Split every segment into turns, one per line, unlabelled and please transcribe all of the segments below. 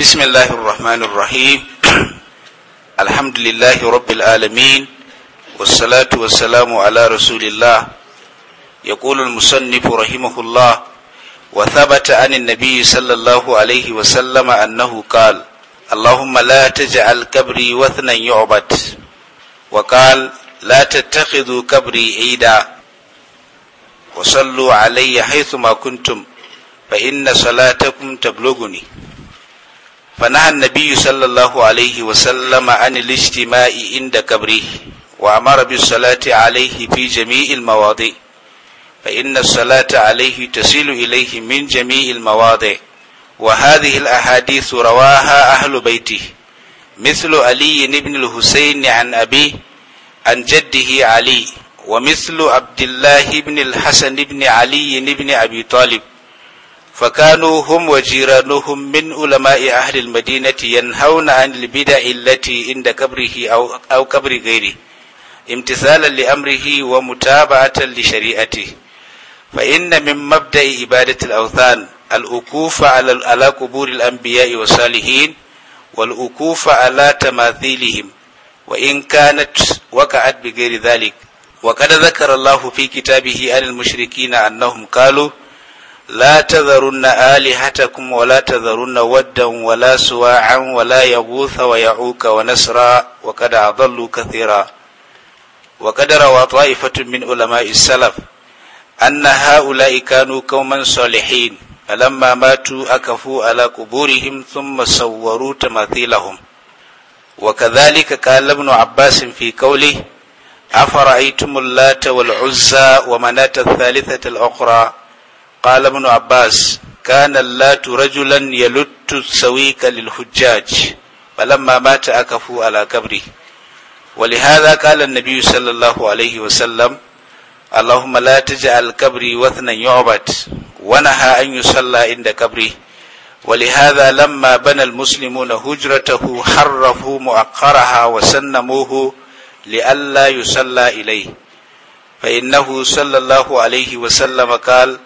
بسم الله الرحمن الرحيم الحمد لله رب العالمين والصلاة والسلام على رسول الله يقول المصنف رحمه الله وثبت عن النبي صلى الله عليه وسلم أنه قال اللهم لا تجعل كبري وثنا يعبد وقال لا تتخذوا كبري عيدا وصلوا علي حيثما كنتم فإن صلاتكم تبلغني فنهى النبي صلى الله عليه وسلم عن الاجتماع عند قبره وأمر بالصلاة عليه في جميع المواضع فإن الصلاة عليه تسيل إليه من جميع المواضع وهذه الأحاديث رواها أهل بيته مثل علي بن الحسين عن أبيه عن جده علي ومثل عبد الله بن الحسن بن علي بن أبي طالب فكانوا هم وجيرانهم من علماء أهل المدينة ينهون عن البدع التي عند قبره أو, أو قبر غيره امتثالا لأمره ومتابعة لشريعته فإن من مبدأ عبادة الأوثان الوقوف على على قبور الأنبياء والصالحين والوقوف على تماثيلهم وإن كانت وقعت بغير ذلك وقد ذكر الله في كتابه عن المشركين أنهم قالوا La tazarunna alihatakum wa la tazarunna waddan wa la suwa'an wa la yaghutha wa wa nasra wa kada adallu kathira. Wa kadara wa ta'ifatun min ulama'i salaf. Anna ha'ula'i kanu qauman salihin. Falamma matu akafu ala kuburihim thumma sawwaru tamathilahum. Wa kadhalika qala Ibn Abbas fi qawli Afara'aytum Lata wal Uzza wa manata thalithata al قال ابن عباس كان اللات رجلا يلت السويك للحجاج فلما مات أكفوا على قبره ولهذا قال النبي صلى الله عليه وسلم اللهم لا تجعل قبري وثنا يعبد ونهى أن يصلى عند قبري ولهذا لما بنى المسلمون هجرته حرفوا مؤخرها وسنموه لئلا يصلى إليه فإنه صلى الله عليه وسلم قال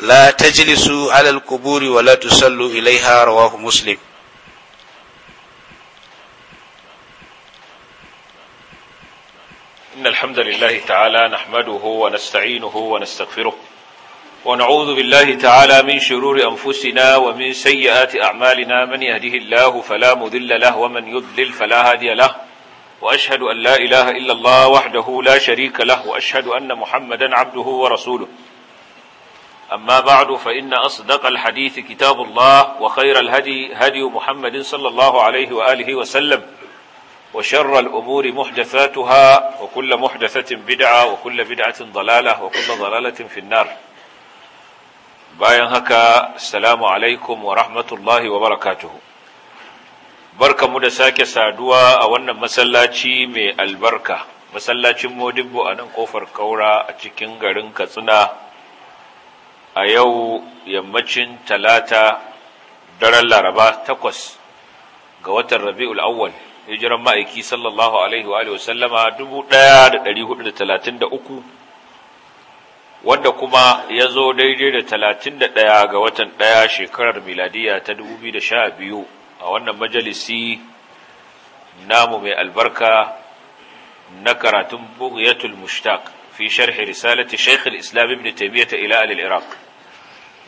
لا تجلسوا على القبور ولا تصلوا إليها رواه مسلم إن الحمد لله تعالى
نحمده ونستعينه ونستغفره ونعوذ بالله تعالى من شرور أنفسنا ومن سيئات أعمالنا من يهده الله فلا مذل له ومن يضلل فلا هادي له وأشهد أن لا إله إلا الله وحده لا شريك له وأشهد أن محمدا عبده ورسوله أما بعد فإن أصدق الحديث كتاب الله وخير الهدي هدي محمد صلى الله عليه وآله وسلم وشر الأمور محدثاتها وكل محدثة بدعة وكل بدعة ضلالة وكل ضلالة في النار bayan haka salamu alaikum wa rahmatullahi wa barakatuhu barkamu da sake saduwa a wannan masallaci mai albarka masallacin modibbo a nan kofar kaura a cikin garin katsina a yau yammacin talata daren laraba takwas ga watan rabi'ul awwal hijiran ma'aiki sallallahu alaihi wa sallama uku, wanda kuma ya zo daidai da talatin da ga watan ɗaya shekarar miladiya ta biyu, a wannan majalisi namu mai albarka na karatun bughyatul mushtaq fi sharhi risalati shaykh al-islam ibn taymiyah ila al-iraq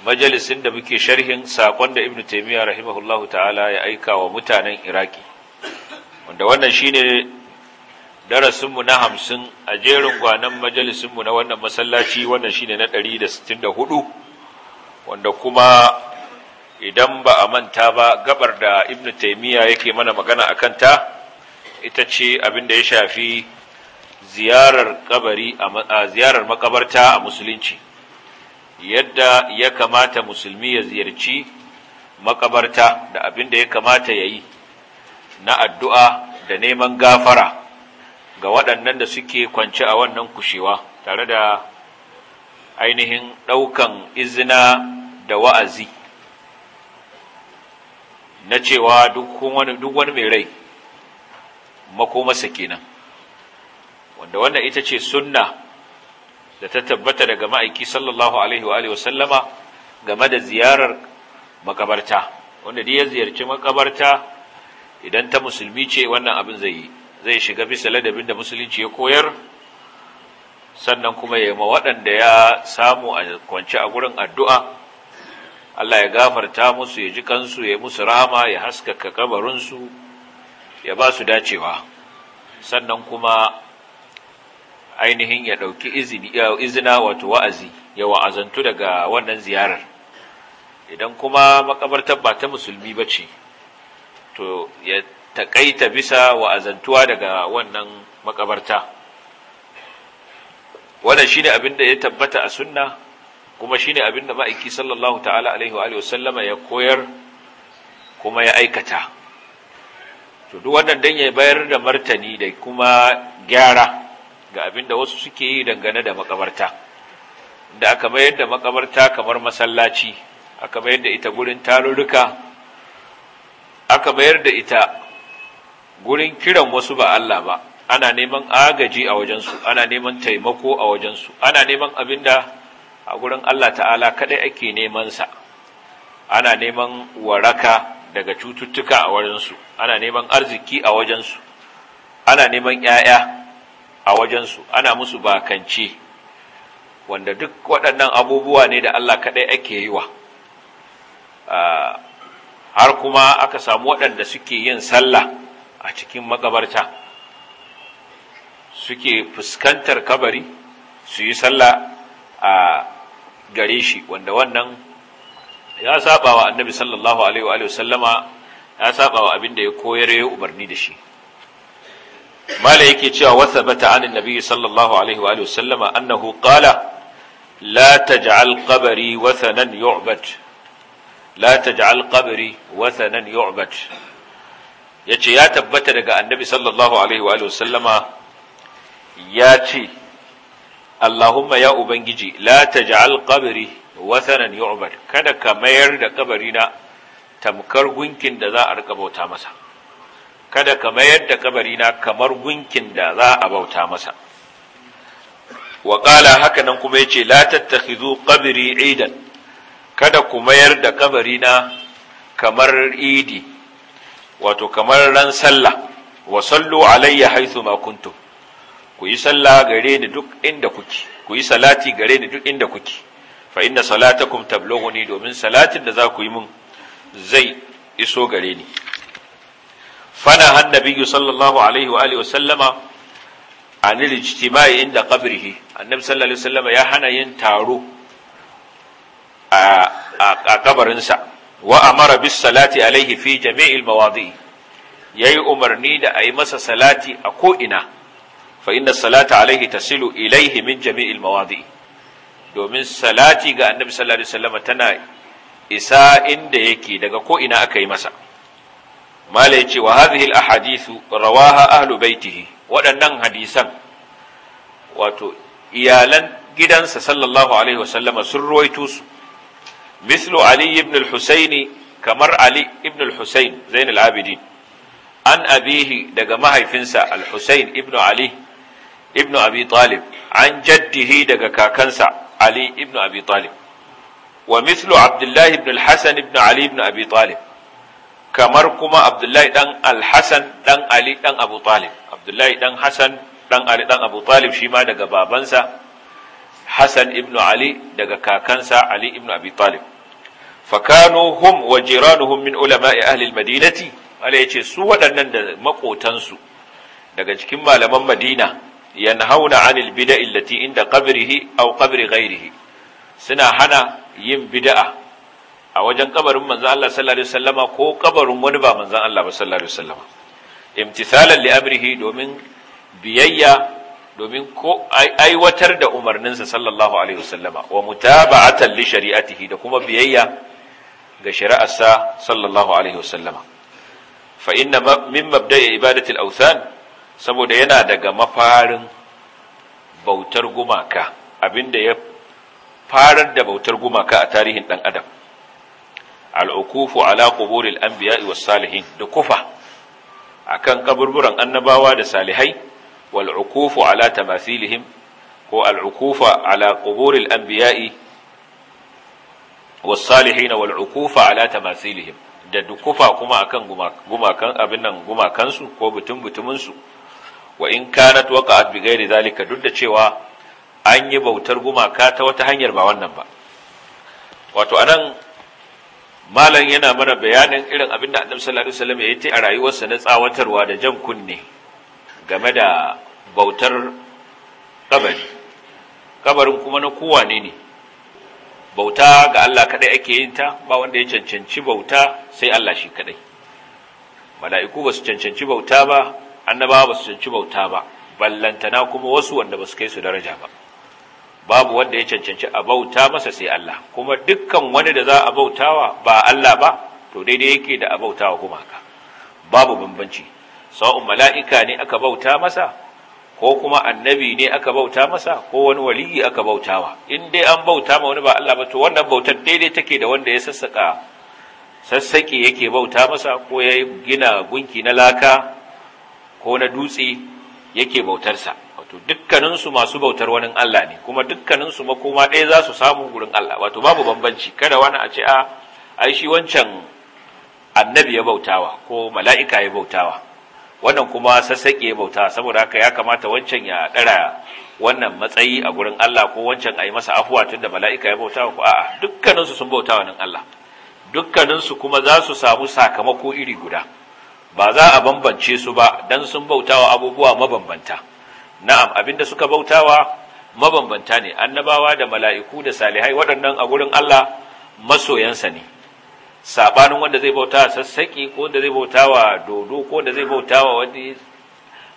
majalisin da muke sharhin sakon da Ibn taymiya rahimahullahu ta'ala ya aika wa mutanen iraki wanda wannan shine darasinmu na hamsin a jerin gwanan majalisinmu na wannan masallaci wannan shine na 164 wanda kuma idan ba a manta ba gabar da ibnu taymiya yake mana magana a kanta, ita ce abin da ya shafi ziyarar kabari ziyarar makabarta a musulunci yadda ya kamata musulmi ya ziyarci makabarta da abin da ya kamata ya yi na addu'a da neman gafara ga waɗannan da suke kwance a wannan kushewa tare da ainihin ɗaukan izina da wa'azi na cewa duk wani mai rai makomasa kenan wanda wannan ita ce sunna da ta tabbata daga ma'aiki sallallahu alaihi wa alihi wasallama game da ziyarar makabarta wanda dai ya ziyarci makabarta idan ta musulmi ce wannan abin zai yi zai shiga bisa ladabin da musulunci ya koyar sannan kuma ya ma waɗanda ya samu a kwance a gurin addu'a Allah ya gafarta musu ya ji kansu ya musu rama ya haskaka kabarinsu ya ba su dacewa sannan kuma ainihin ya ɗauki izina wato wa'azi ya wa'azantu daga wannan ziyarar idan kuma makabartar ba ta musulmi ba ce to ya taƙaita bisa wa'azantuwa daga wannan makabarta wannan shi ne abin da ya tabbata a sunna kuma shi ne abin da ma'aiki sallallahu ta'ala alaihi wa ya koyar kuma ya aikata to duk wannan don ya bayar da martani da kuma gyara ga abin da wasu suke yi dangane da makabarta da aka mayar da makabarta kamar masallaci aka mayar da ita gurin tarurruka aka mayar da ita gurin kiran wasu ba Allah ba ana neman agaji a wajensu ana neman taimako a wajensu ana neman abin da a gurin Allah ta'ala kadai ake sa, ana neman waraka daga cututtuka a wajensu ana neman arziki a wajensu ana neman 'ya'ya a wajensu ana musu bakanci wanda duk waɗannan abubuwa ne da Allah kaɗai ake yi wa ah, har kuma aka samu waɗanda suke yin sallah a cikin magabarta suke fuskantar kabari su yi sallah a gare shi wanda wannan ya saba wa annabi sallallahu alaihi wa sallama ya saba wa abin da ya koyar ya umarni da shi mala yake cewa wasabata anin nabi sallallahu alaihi wa sallama annahu qala la taj'al qabri wathanan yu'bad la taj'al qabri wathanan yu'bad yace ya tabbata daga annabi sallallahu alaihi wa sallama ya ce Allahumma ya ubangiji la taj'al qabri wathanan yu'bad kada ka mayar da na tamkar gunkin da za a riƙa bauta masa kada ka mayar da kabarina kamar gunkin da za a bauta masa wa ƙala nan kuma yace la tattakhizu qabri idan kada ku mayar da kabarina kamar idi wato kamar ran sallah wa sallu alayya haythu ma kuntum ku yi sallah gare ni duk inda kuke ku yi salati gare ni duk inda kuke fa inna salatakum tablughuni domin salatin da za ku yi mun zai iso gare ni فنهى النبي صلى الله عليه وآله وسلم عن الاجتماع عند قبره النبي صلى الله عليه وسلم يا هنا ينتارو a kabarinsa wa amara salati alaihi fi jami'il mawadi yayi umarni da a yi masa salati a ko ina fa inna salata alaihi tasilu ilaihi min jami'il mawadi domin salati ga annabi sallallahu alaihi tana isa inda yake daga ko ina aka yi masa mala yace wa hadhihi al ahadithu rawaha ahlu baitihi waɗannan hadisan wato iyalan gidansa sallallahu alaihi wasallama sun ruwaito su mislu ali ibn al-husayn kamar ali ibn al-husayn zain al-abidin an abihi daga mahaifinsa al-husayn ibn ali ibn abi talib an jaddihi daga kakansa ali ibn abi talib wa mislu abdullahi ibn al-hasan ibn ali ibn abi talib kamar kuma abdullahi dan alhassan ɗan ali ɗan abu talib abdullahi ɗan hassan ɗan ali ɗan abu talib shi ma daga babansa hassan ibn ali daga kakansa ali ibn abi talib fakanu hum wa jiranuhum min a ahli almadinati ya yace su waɗannan da makotansu daga cikin malaman madina yanhauna anil bid'a illati inda qabrihi au qabri ghairihi suna hana yin bid'a a wajen kabarin manzan Allah sallallahu alaihi wasallama ko kabarin wani ba manzan Allah ba sallallahu alaihi wasallama imtithalan li amrihi domin biyayya domin ko aiwatar da umarninsa sallallahu alaihi wasallama wa mutaba'atan li shari'atihi da kuma biyayya ga shari'arsa sallallahu alaihi wasallama fa inna min mabda'i ibadati al-awthan saboda yana daga mafarin bautar gumaka abinda ya farar da bautar gumaka a tarihin dan adam al'ukufu ala quburil anbiya'i was salihin da kufa a kan kaburburan annabawa da salihai wal ukufu ala tamathilihim ko al ukufa ala quburil anbiya'i was salihin wal ukufa ala tamathilihim da dukufa kuma a kan gumakan abin nan gumakan su ko butun butumin su wa in kanat waqa'at bi ghairi zalika duk da cewa an yi bautar gumaka ta wata hanyar ba wannan ba wato anan malam yana mana bayanin irin abin da annabi sallallahu alaihi wasallam ya yi a rayuwarsa na tsawatarwa da jan kunne game da bautar kabari kabarin kuma na kowa ne ne bauta ga Allah kadai ake yin ta ba wanda ya cancanci bauta sai Allah shi kadai mala'iku ba su cancanci bauta ba annabawa ba su cancanci bauta ba ballantana kuma wasu wanda ba su kai su daraja ba babu wanda ya cancanci a bauta masa sai Allah kuma dukkan wani da za a bautawa ba Allah ba to daidai yake da a bautawa gumaka babu bambanci sa'un mala'ika ne aka bauta masa ko kuma annabi ne aka bauta masa ko wani waliyi aka bautawa in dai an bauta ma wani ba Allah ba to wannan bautar daidai take da wanda ya sassaka sassaki yake bauta masa ko ya gina gunki na laka ko na dutse yake bautarsa wato dukkaninsu masu bautar wani Allah ne kuma dukkaninsu makoma ɗaya za su samu gurin Allah wato babu bambanci kada wani a ce a ai shi wancan annabi ya bautawa ko mala'ika ya bautawa wannan kuma sassaƙe ya bauta saboda haka ya kamata wancan ya ɗara wannan matsayi a gurin Allah ko wancan a yi masa afuwa tun da mala'ika ya bautawa ko a'a dukkaninsu sun bauta wa Allah dukkaninsu kuma za su samu sakamako iri guda ba za a bambance su ba don sun bauta wa abubuwa mabambanta na'am abinda suka bautawa mabambanta ne annabawa da mala'iku da salihai waɗannan a wurin Allah masoyansa ne Saɓanin wanda zai bauta sassaƙi ko wanda zai bautawa dodo ko wanda zai bautawa wani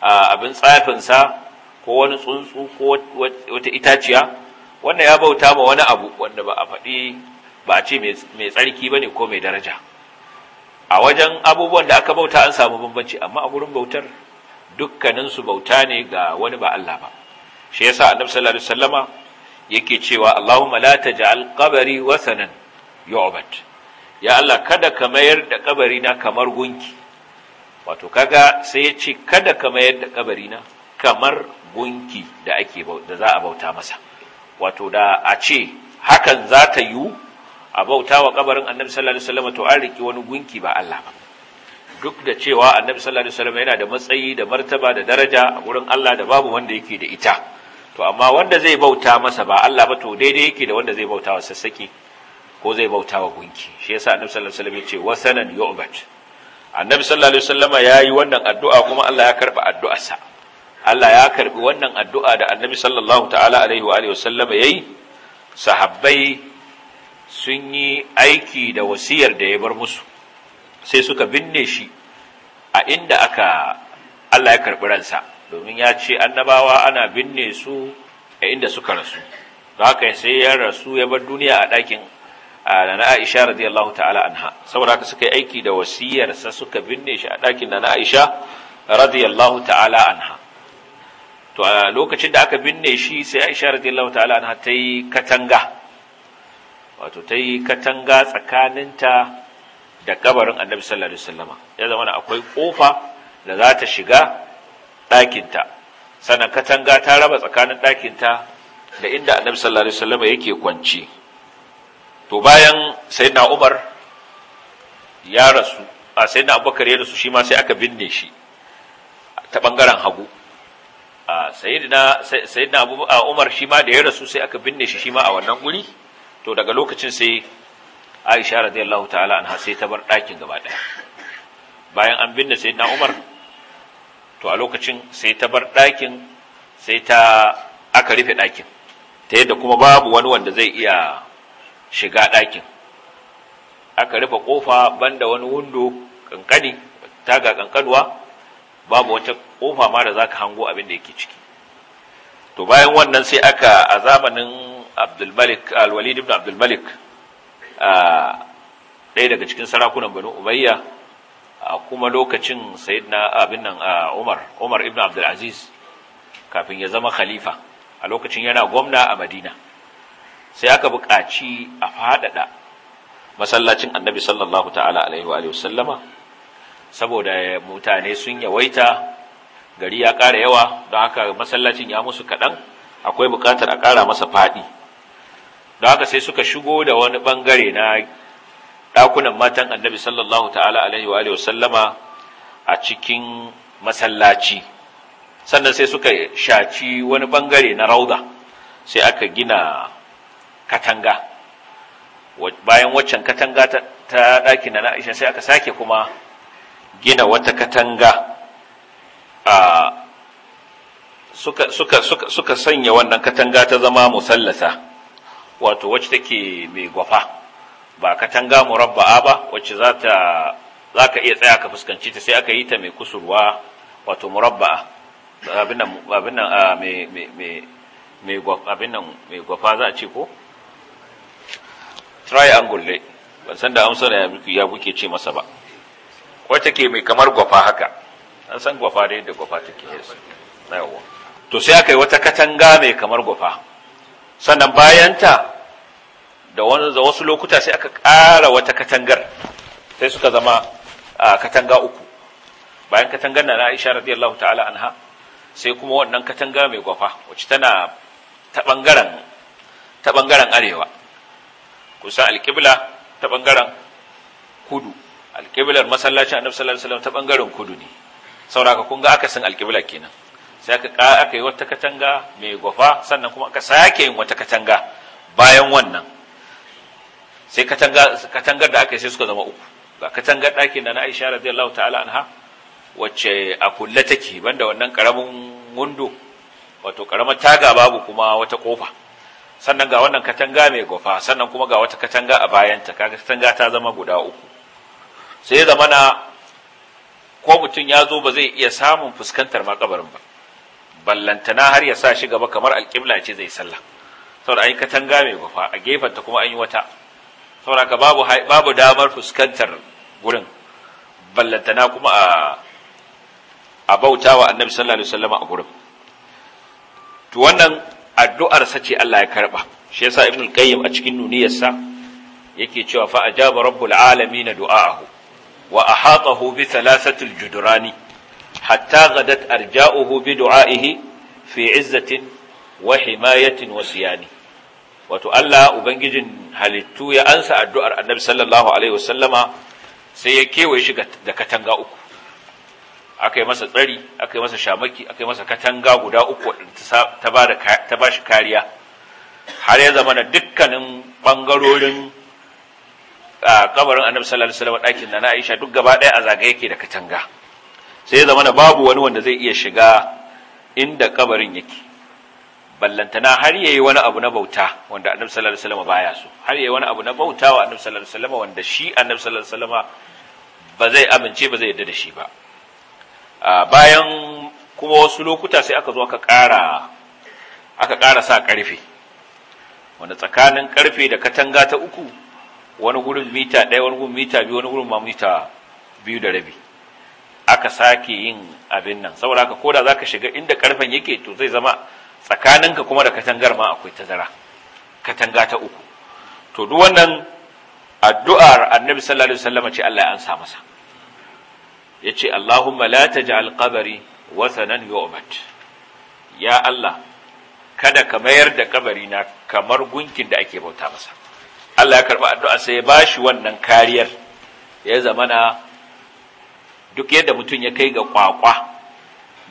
abin tsafinsa ko wani tsuntsu ko wata itaciya wannan ya bauta ma wani abu wanda ba a faɗi ba a ce mai tsarki ba ne ko mai daraja a wajen abubuwan da aka bauta an samu bambanci amma a gurin bautar dukkaninsu bauta ne ga wani ba Allah ba shi yasa annabi sallallahu alaihi wasallama yake cewa Allahumma la taj'al qabri wasanan yu'bad ya Allah kada ka mayar da kabari na kamar gunki wato kaga sai ya ce kada ka mayar da kabari na kamar gunki da ake da za a bauta masa wato da a ce hakan za ta yiwu a bauta wa kabarin annabi sallallahu alaihi wasallama to an riki wani gunki ba Allah ba duk da cewa annabi sallallahu alaihi wasallam yana da matsayi da martaba da daraja a gurin Allah da babu wanda yake da ita to amma wanda zai bauta masa ba Allah ba to daidai yake da wanda zai bauta wa sassaki ko zai bauta wa gunki shi yasa annabi sallallahu alaihi wasallam ya ce wasanan yu'bad annabi sallallahu alaihi wasallam yayi wannan addu'a kuma Allah ya karba addu'arsa Allah ya karbi wannan addu'a da annabi sallallahu ta'ala alaihi wa alihi wasallam yayi sahabbai sun yi aiki da wasiyar da ya bar musu sai suka binne shi a inda aka Allah ya karɓi ransa domin ya ce annabawa ana binne su a inda suka rasu don haka sai ya rasu ya bar duniya a ɗakin na Aisha radiyallahu ta'ala anha saboda haka suka yi aiki da wasiyarsa suka binne shi a ɗakin na Aisha radiyallahu ta'ala anha to a lokacin da aka binne shi sai Aisha radiyallahu ta'ala anha ta yi katanga wato ta yi katanga tsakaninta da kabarin annabi sallallahu alaihi wasallama ya zama na akwai kofa da za ta shiga ɗakinta sannan katanga ta raba tsakanin ɗakinta da inda annabi sallallahu alaihi wasallama yake kwanci to bayan sayyidina umar ya rasu a sayyidina abubakar ya rasu shi ma sai aka binne shi ta bangaren hagu a sayyidina sayyidina umar shi ma da ya rasu sai aka binne shi shi ma a wannan guri to daga lokacin sai aisha radiyallahu ta'ala anha sai ta bar ɗakin gaba ɗaya bayan an binne sai na umar to a lokacin sai ta bar ɗakin sai ta aka rufe ɗakin ta yadda kuma babu wani wanda zai iya shiga ɗakin aka rufe ƙofa banda wani wundo ƙanƙani taga ƙanƙanuwa babu wata ƙofa ma da zaka hango abin da yake ciki to bayan wannan sai aka a zamanin Abdul Malik, Al-Walid ibn Malik. ɗaya daga cikin sarakunan banu umayya kuma lokacin sayyidina abin nan umar umar ibn Abdulaziz kafin ya zama khalifa a lokacin yana gwamna a madina sai aka buƙaci a faɗaɗa masallacin annabi sallallahu ta'ala alaihi wa sallama saboda mutane sun yawaita gari ya ƙara yawa don haka masallacin ya musu kaɗan akwai buƙatar a ƙara masa faɗi da haka sai suka shigo da wani bangare na ɗakunan matan annabi sallallahu ta'ala alaihi wa alihi wasallama a cikin masallaci sannan sai suka shaci wani bangare na rauda sai aka gina katanga bayan waccan katanga ta ɗakin na Aisha sai aka sake kuma gina wata katanga a suka suka suka suka sanya wannan katanga ta zama musallasa wato wacce take mai gwafa ba katanga murabba'a ba wacce za ta za ka iya tsaya ka fuskanci ta sai aka yi ta mai kusurwa wato murabba'a abin nan abin nan mai mai gwafa za a ce ko triangle ne ban san da amsar ya ya buke ce masa ba wacce ke mai kamar gwafa haka an san gwafa da yadda gwafa take Na yawa to sai aka yi wata katanga mai kamar gwafa sannan bayan ta. da wasu lokuta sai aka ƙara wata katangar sai suka zama a katanga uku bayan katangar na Aisha radiyallahu ta'ala anha sai kuma wannan katanga mai gwafa wacce tana ta bangaren arewa kusan alƙibla ta bangaren kudu alƙiblar masallacin annabi sallallahu alaihi wasallam ta bangaren kudu ne sauraka kun ga san alƙibla kenan sai aka aka yi wata katanga mai gwafa sannan kuma aka sake yin wata katanga bayan wannan sai katangar da aka yi sai suka zama uku ga katangar ɗakin da na aisha radiyallahu ta'ala anha wacce a kulle take banda wannan karamin wundo wato karamar taga babu kuma wata kofa sannan ga wannan katanga mai gofa sannan kuma ga wata katanga a bayanta kaga katanga ta zama guda uku sai ya zama na ko mutum ya zo ba zai iya samun fuskantar makabarin ba ballantana har ya sa shi gaba kamar alƙibla ce zai sallah saboda an yi katanga mai gofa a gefen ta kuma an yi wata sauraka babu babu damar fuskantar gurin ballantana kuma a a bautawa annabi sallallahu alaihi wasallam a gurin to wannan addu'ar sa ce Allah ya karba shi yasa ibnu qayyim a cikin nuniyarsa yake cewa fa ajaba rabbul alamin du'aahu wa ahatahu bi thalathati aljudurani hatta gadat arja'uhu bi du'aihi fi izzatin wa himayatin wa siyani wato Allah ubangijin halittu ya ansa addu'ar annabi sallallahu alaihi wasallama sai ya kewaye shi da katanga uku aka masa tsari aka masa shamaki aka masa katanga guda uku ta ba shi kariya har ya zama na dukkanin ɓangarorin kabarin annabi sallallahu alaihi wasallama na Aisha duk gaba ɗaya a zagaye yake da katanga sai ya zama babu wani wanda zai iya shiga inda kabarin yake ballantana har yayi wani abu na bauta wanda annabi sallallahu alaihi wasallam baya so har yayi wani abu na bauta wa annabi sallallahu alaihi wasallam wanda shi annabi sallallahu alaihi wasallam ba zai amince ba zai yarda da shi ba bayan kuma wasu lokuta sai aka zo aka ƙara aka ƙara sa ƙarfe wanda tsakanin ƙarfe da katanga ta uku wani gurin mita ɗaya wani gurin mita biyu wani gurin ma mita biyu da rabi aka sake yin abin nan saboda haka koda zaka shiga inda ƙarfen yake to zai zama tsakaninka kuma da katangar ma akwai tazara katanga ta uku to duk wannan addu'ar annabi sallallahu alaihi wasallam ce Allah ya ansa masa yace Allahumma la taj'al qabri wasanan yu'bad ya Allah kada ka mayar da kabari na kamar gunkin da ake bauta masa Allah ya karba addu'a sai ya bashi wannan kariyar ya zamana duk yadda mutum ya kai ga kwakwa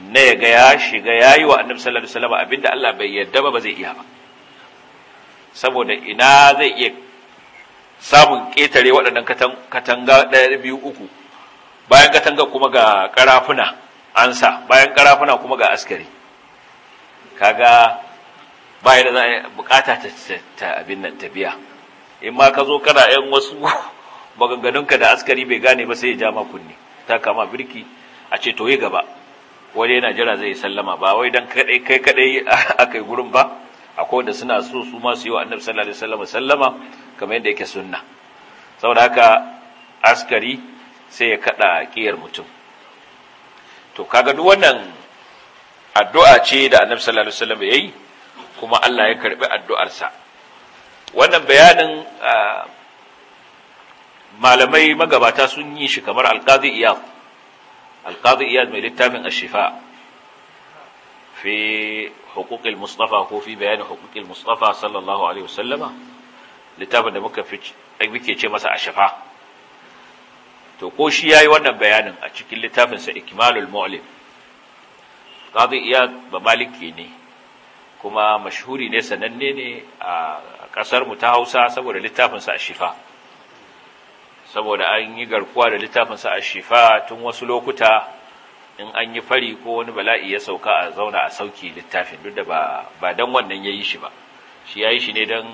na ya ga ya shiga ya yi wa annabi sallallahu alaihi wasallam abinda Allah bai yarda ba zai iya ba saboda ina zai iya samun ketare waɗannan katanga ɗaya biyu uku bayan katanga kuma ga ƙarafuna ansa, bayan ƙarafuna kuma ga askari kaga bayan da za a bukata ta abin nan tafiya in ma ka zo kana ‘yan wasu maganganunka da askari bai gane ba sai ya ja ma kunni ta kama birki a ce to yi gaba wani yana jira zai sallama ba wai dan kai kai kadai akai gurin ba akwai wanda suna so su ma su yi wa annabi sallallahu alaihi wasallam sallama kamar yadda yake sunna saboda haka askari sai ya kada kiyar mutum to kaga duk wannan addu'a ce da annabi sallallahu alaihi wasallam yayi kuma Allah ya karbi addu'arsa wannan bayanin ah, malamai magabata sun yi shi kamar alqazi iyad alqadi iyad mai littafin ashifa fi huquqil mustafa ko fi bayanin huquqil mustafa sallallahu alaihi wasallama littafin da muka muke ce masa a shifa. to ko shi ya yi wannan bayanin a cikin littafinsa, sa ikmalul mu'lim qadi iyad ba maliki ne kuma mashuri ne sananne ne a ƙasarmu ta Hausa saboda littafinsa a shifa. saboda an yi garkuwa da littafin littafinsa a shifa tun wasu lokuta in an yi fari ko wani bala'i ya sauka a zauna a sauki littafin duk da ba don wannan ya yi shi ba shi ya yi shi ne don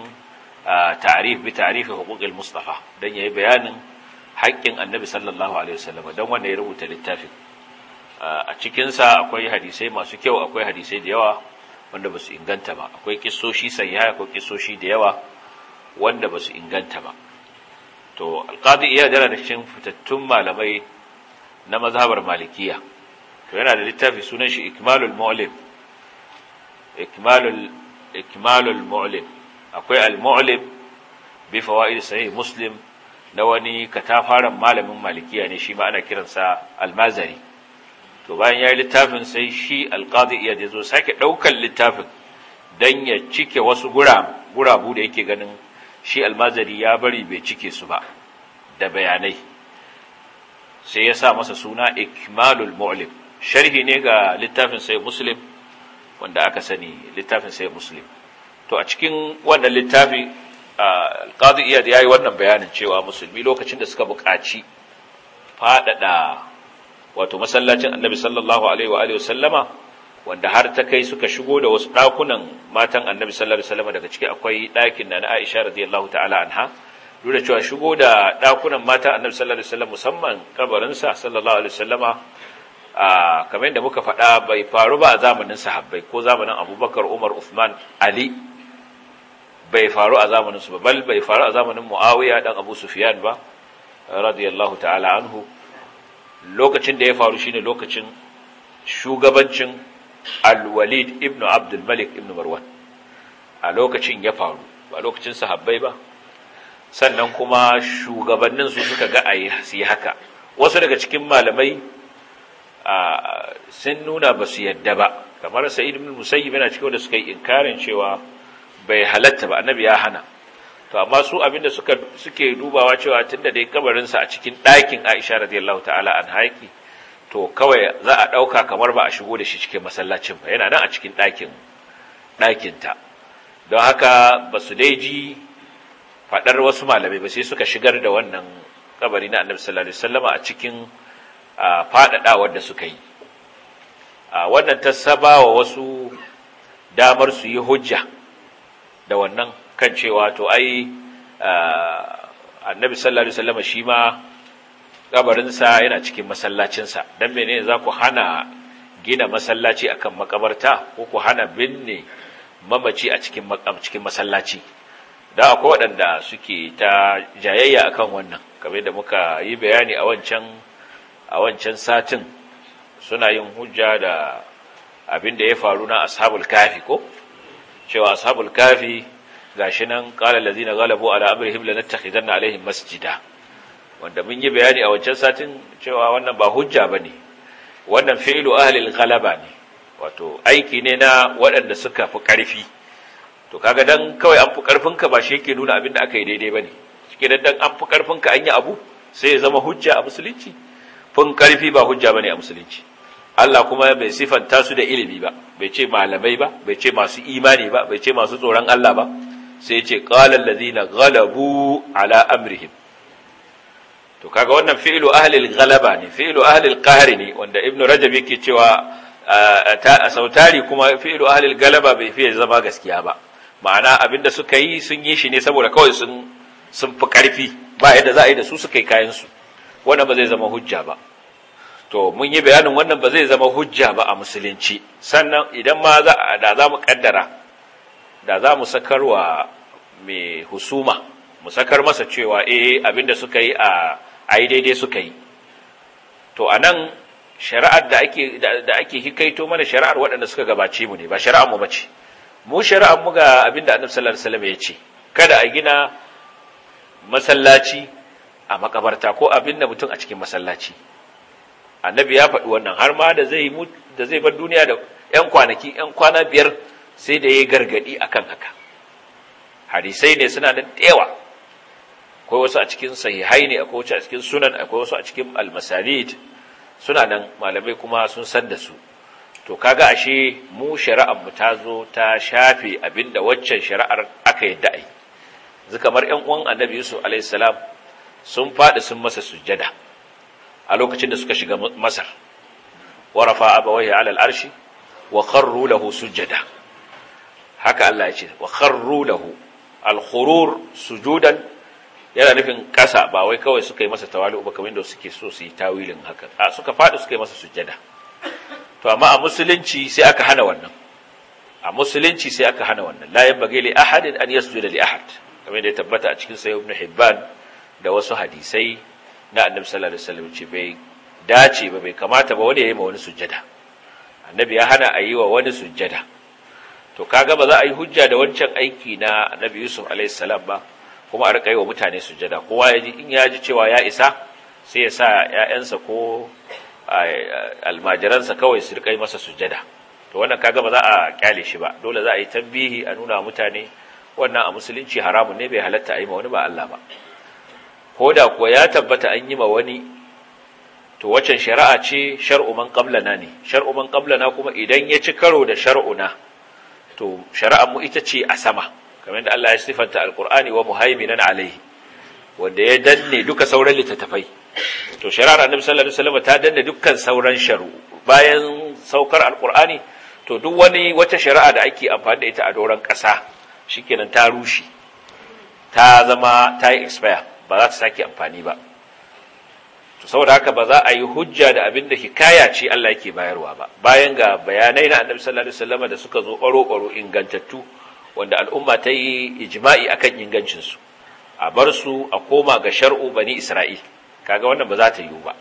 tarif bi tarifi hukukul mustafa don ya yi bayanin haƙƙin annabi sallallahu alaihi wasallam don wanda ya rubuta littafin a cikinsa akwai hadisai masu kyau akwai hadisai da yawa wanda ba su inganta ba akwai kisoshi sayi akwai kisoshi da yawa wanda ba su inganta ba to alqadi iya yana da cikin fitattun malamai na mazhabar malikiya to yana da littafi sunan shi ikmalul mu'lim ikmalul ikmalul mu'lim akwai al mu'lim bi fawaid sahih muslim na wani katafaren malamin malikiya ne shi ma ana kiransa al-mazari. to bayan ya yi littafin sai shi alqadi iya da zo sake ɗaukar littafin dan ya cike wasu gura, gurabu da yake ganin shi almazari ya bari bai cike su ba da bayanai sai ya sa masa suna ikmalul mu'lim sharhi ne ga littafin sai muslim wanda aka sani littafin sai muslim to a cikin wannan littafi alqadi iyad yayi wannan bayanin cewa musulmi lokacin da suka buƙaci faɗaɗa wato masallacin annabi sallallahu alaihi wa alihi wanda har ta kai suka shigo da wasu ɗakunan matan annabi sallallahu alaihi wasallam daga ciki akwai ɗakin na Aisha radiyallahu ta'ala anha duk da cewa shigo da ɗakunan matan annabi sallallahu alaihi wasallam musamman kabarin sa sallallahu alaihi wasallam a kamar yadda muka faɗa bai faru ba a zamanin sahabbai ko zamanin Abubakar Umar Uthman Ali bai faru a zamanin su ba bal bai faru a zamanin Muawiya dan Abu Sufyan ba radiyallahu ta'ala anhu lokacin da ya faru shine lokacin shugabancin al-walid ibn abdul malik ibn marwan a lokacin ya faru ba lokacin sahabbai ba sannan kuma shugabannin su suka ga ayi su haka wasu daga cikin malamai sun nuna ba su yadda ba kamar sa'id ibn musayyib yana cikin da suka yi inkarin cewa bai halatta ba annabi ya hana to amma su abinda suka suke dubawa cewa tunda dai sa a cikin ɗakin Aisha radiyallahu ta'ala an haiki to kawai za a ɗauka kamar ba a shigo da shi cikin masallacin ba yana nan a cikin ɗakin ɗakinta don haka ba su dai ji faɗar wasu malamai ba sai suka shigar da wannan kabari na annabi sallallahu alaihi wasallama a cikin faɗaɗawar da suka yi wannan ta saba wasu damar su yi hujja da wannan kan cewa to ai annabi sallallahu alaihi wasallama shi ma kabarinsa yana cikin masallacinsa don mene za ku hana gina masallaci akan makabarta ko ku hana binne mamaci a cikin masallaci da akwai waɗanda suke ta jayayya akan wannan kamar da muka yi bayani a wancan a wancan satin suna yin hujja da abin da ya faru na ashabul kafi ko cewa ashabul kafi gashi nan qala allazina ghalabu ala amrihim lanattakhidanna alaihim masjida wanda mun yi bayani a wancan satin cewa wannan ba hujja ba ne wannan fi'ilu ahalil galaba ne wato aiki ne na waɗanda suka fi ƙarfi to kaga don kawai an fi ƙarfinka ba shi yake nuna abin da aka yi daidai ba ne shi dan an fi ƙarfinka an yi abu sai ya zama hujja a musulunci fin ƙarfi ba hujja ba ne a musulunci Allah kuma bai sifanta su da ilimi ba bai ce malamai ba bai ce masu imani ba bai ce masu tsoron Allah ba sai ya ce qala allazina galabu ala amrihim to kaga wannan fi'lu al ghalaba ne fi'lu al-qahr ne wanda ibnu rajab yake cewa a sautari kuma fi'lu al galaba bai fiye zama gaskiya ba ma'ana abinda suka yi sun yi shi ne saboda kawai sun sun fi karfi ba yadda za a yi da su suka yi kayan su wannan ba zai zama hujja ba to mun yi bayanin wannan ba zai zama hujja ba a musulunci sannan idan ma za da za mu kaddara da za mu sakarwa mai husuma mu sakar masa cewa eh abinda suka yi a ai daidai suka yi to anan shari'ar da ake da ake hikaito mana shari'ar waɗanda suka gabace mu ne ba shari'ar mu bace mu shari'ar mu ga abinda Annabi sallallahu alaihi wasallam ya ce kada a gina masallaci a makabarta ko abin da mutum a cikin masallaci annabi ya faɗi wannan har ma da zai da zai bar duniya da ƴan kwanaki ƴan kwana biyar sai da ya gargadi akan haka hadisai ne suna da ɗewa. akwai wasu a cikin sahihai ne akwai wasu a cikin sunan akwai wasu a cikin almasanid suna nan malamai kuma sun san da su to kaga ashe mu shari'ar mu ta zo ta shafe abinda waccan shari'ar aka yadda ai zu kamar ƴan uwan annabi yusuf alayhi sun faɗi sun masa sujjada a lokacin da suka shiga masar warafa abawaihi alal arshi wa kharru lahu sujjada haka Allah ya ce wa kharru lahu al-khurur sujudan yana nufin kasa ba wai kawai suka yi masa tawali'u ba kamar yadda suke so su yi tawilin haka a suka faɗi suka yi masa sujada to amma a musulunci sai aka hana wannan a musulunci sai aka hana wannan la yanbaghi li ahadin an yasjuda li ahad kamar da ya tabbata a cikin sahih ibn hibban da wasu hadisai na annabi sallallahu alaihi wasallam ce bai dace ba bai kamata ba wani ya yi ma wani sujjada annabi ya hana a yi wa wani sujada. to kaga ba za a yi hujja da wancan aiki na annabi yusuf alaihi salam ba kuma a rika yi wa mutane sujada kowa ya ji in ya ji cewa ya isa sai ya sa ‘ya'yansa ko almajiransa kawai su rika yi masa sujada to wannan kaga ba za a kyale shi ba dole za a yi tambihi a nuna mutane wannan a musulunci haramun ne bai halatta a yi ma wani ba Allah ba ko da kuwa ya tabbata an yi ma wani to waccan shari'a ce shar'u man qablana ne shar'u man qablana kuma idan ya ci karo da shar'una to shari'ar mu ita ce a sama kamar da Allah ya sifanta alqur'ani wa muhaiminan alaihi wanda ya danne duka sauran littattafai to shari'ar annabi sallallahu alaihi wasallam ta danne dukkan sauran sharu bayan saukar alqur'ani to duk wani wata shari'a da ake amfani da ita a doron ƙasa shikenan ta rushe ta zama ta yi expire ba za ta sake amfani ba to saboda haka ba za a yi hujja da abin da hikaya ce Allah yake bayarwa ba bayan ga bayanai na annabi sallallahu alaihi wasallam da suka zo ƙwaro-ƙwaro ingantattu wanda al'umma ta yi ijma'i akan ingancinsu a bar su a koma ga shar'u bani isra'il kaga wannan ba za ta yiwu ba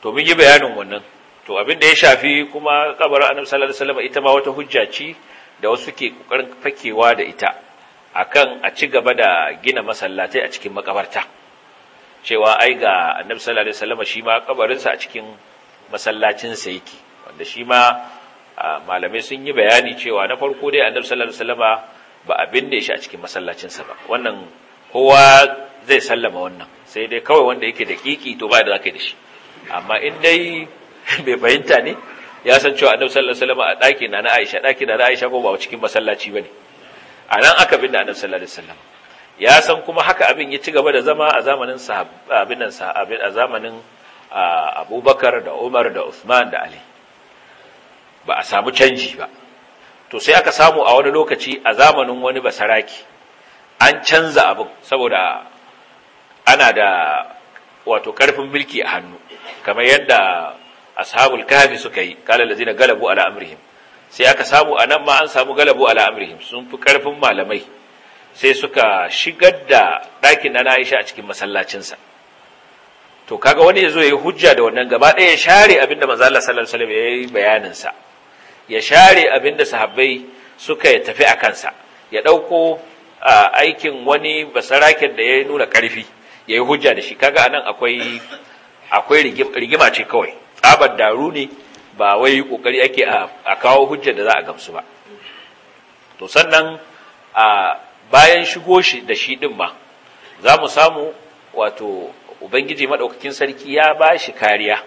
to mun yi bayanin wannan to abin da ya shafi kuma kabarin annabi sallallahu alaihi wasallam ita ma wata hujja ce da wasu ke kokarin fakewa da ita akan a ci gaba da gina masallatai a cikin makabarta cewa ai ga annabi sallallahu alaihi wasallam shi ma kabarinsa a cikin masallacin sa yake wanda shi ma malamai sun yi bayani cewa na farko dai annabi sallallahu alaihi wasallama ba a binne shi a cikin sa ba wannan kowa zai sallama wannan sai dai kawai wanda yake da kiki to ba da zaka da shi amma in dai bai fahimta ne ya san cewa annabi sallallahu alaihi wasallam a daki na na Aisha daki na na Aisha ko ba cikin masallaci bane a nan aka binne annabi sallallahu alaihi wasallam ya san kuma haka abin ya ci gaba da zama a zamanin abin nan sahabin a zamanin Abubakar da Umar da Usman da Ali ba a samu canji ba to sai aka samu a wani lokaci a zamanin wani basaraki an canza abu saboda ana da wato karfin mulki a hannu kamar yadda ashabul kahfi suka yi kala lazina galabu ala amrihim sai aka samu a nan ma an samu galabu ala amrihim sun fi karfin malamai sai suka shigar da ɗakin na Aisha a cikin masallacinsa to kaga wani ya zo ya yi hujja da wannan gaba ɗaya ya share abinda manzo Allah sallallahu alaihi wasallam yayi bayanin sa ya share abin da sahabbai suka tafi a kansa ya ɗauko aikin wani basaraken da ya nuna ƙarfi ya yi hujja da shi kaga anan akwai akwai rigima ce kawai tsabar daru ne ba wai ƙoƙari ake a kawo hujja da za a gamsu ba to sannan a bayan shigo shi da shi ɗin ba, za mu samu wato ubangiji maɗaukakin sarki ya ba shi kariya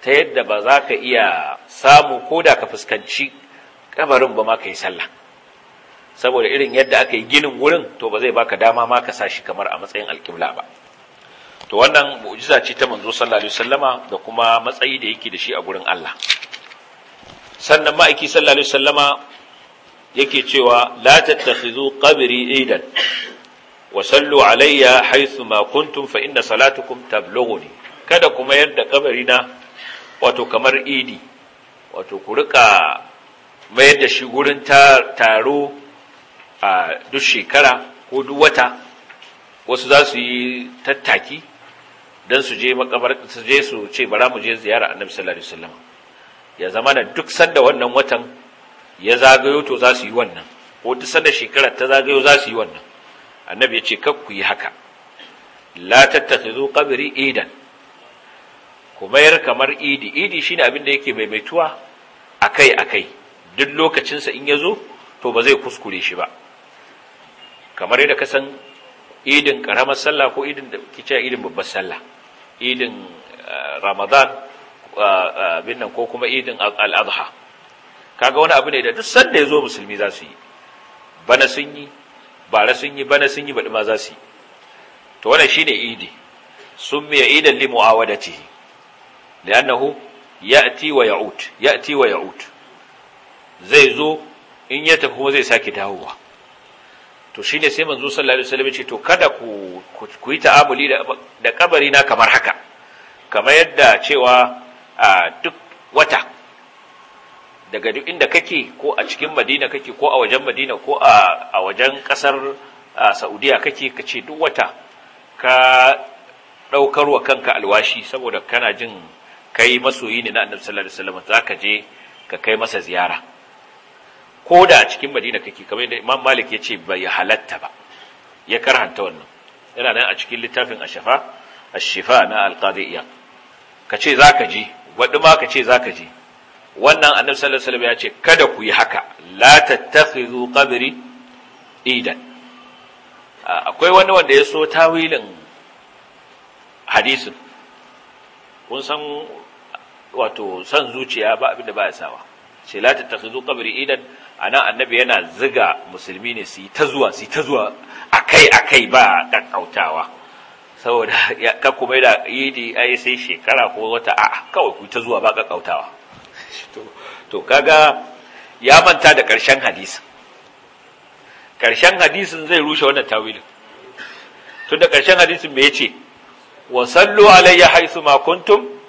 ta yadda ba za ka iya samu ko da ka fuskanci ƙabarin ba ma ka yi sallah saboda irin yadda aka yi ginin wurin to ba zai baka dama ma ka sa kamar a matsayin alƙibla ba to wannan mu'jiza ce ta manzo sallallahu alaihi wasallama da kuma matsayi da yake da shi a gurin Allah sannan ma'aiki sallallahu alaihi wasallama yake cewa la tattakhizu qabri idan wa sallu alayya haythu ma kuntum fa inna salatukum tablughuni kada kuma yadda kabari na wato kamar idi wato ku rika mayar da shi gurin taro a duk shekara ko duk wata wasu za su yi tattaki don su je makamar su je su ce bara mu je ziyara annabi sallallahu alaihi wasallam ya zama na duk sanda wannan watan ya zagayo to za su yi wannan ko duk sanda shekarar ta zagayo za su yi wannan annabi ya ce kar yi haka la zo qabri idan ku mayar kamar idi idi shine abin da yake maimaituwa akai akai duk lokacinsa in ya zo to ba zai kuskure shi ba kamar yadda ka san idin karamar sallah ko idin da cewa idin babbar sallah idin eh, ramadan eh, eh, abin nan ko kuma idin al-adha kaga wani abu ne da duk sanda ya zo musulmi za su yi bana sun yi bara sun yi bana sun yi baɗi ma za su yi to wannan shine idi sun miya idan li mu'awadatihi li'annahu ya'ti wa ya'ud ya'ti wa ya'ud zai zo in ya tafi kuma zai sake dawowa to shine sai manzo sallallahu alaihi wasallam ce to kada ku ku yi ta'amuli da kabari na kamar haka kamar yadda cewa duk wata daga duk inda kake ko a cikin Madina kake ko a wajen Madina ko a wajen kasar Saudiya kake kace duk wata ka daukar wa kanka alwashi saboda kana jin kai masoyi ne na annabi sallallahu alaihi wasallam zaka je ka kai masa ziyara ko da a cikin madina kake kamar yadda imam malik ya ce bai halatta ba ya karanta wannan yana nan a cikin littafin ashafa ashifa na alqadiya ka ce zaka je wadu ma ka ce zaka je wannan annabi sallallahu alaihi wasallam ya ce kada ku yi haka la tattakhidhu qabri idan akwai wani wanda ya so tawilin hadisin kun san wato san zuciya ba abin ba ya sawa ce la zuwa qabri idan ana annabi yana ziga musulmi ne su ta zuwa su ta zuwa a kai a kai ba kakkautawa saboda ka mai da ya ai sai shekara ko wata a'a kawai ku ta zuwa ba kakkautawa to kaga ya manta da ƙarshen hadisin ƙarshen hadisin zai rushe wannan tawilin tunda karshen hadisin me ce wa sallu alayya ya ma kuntum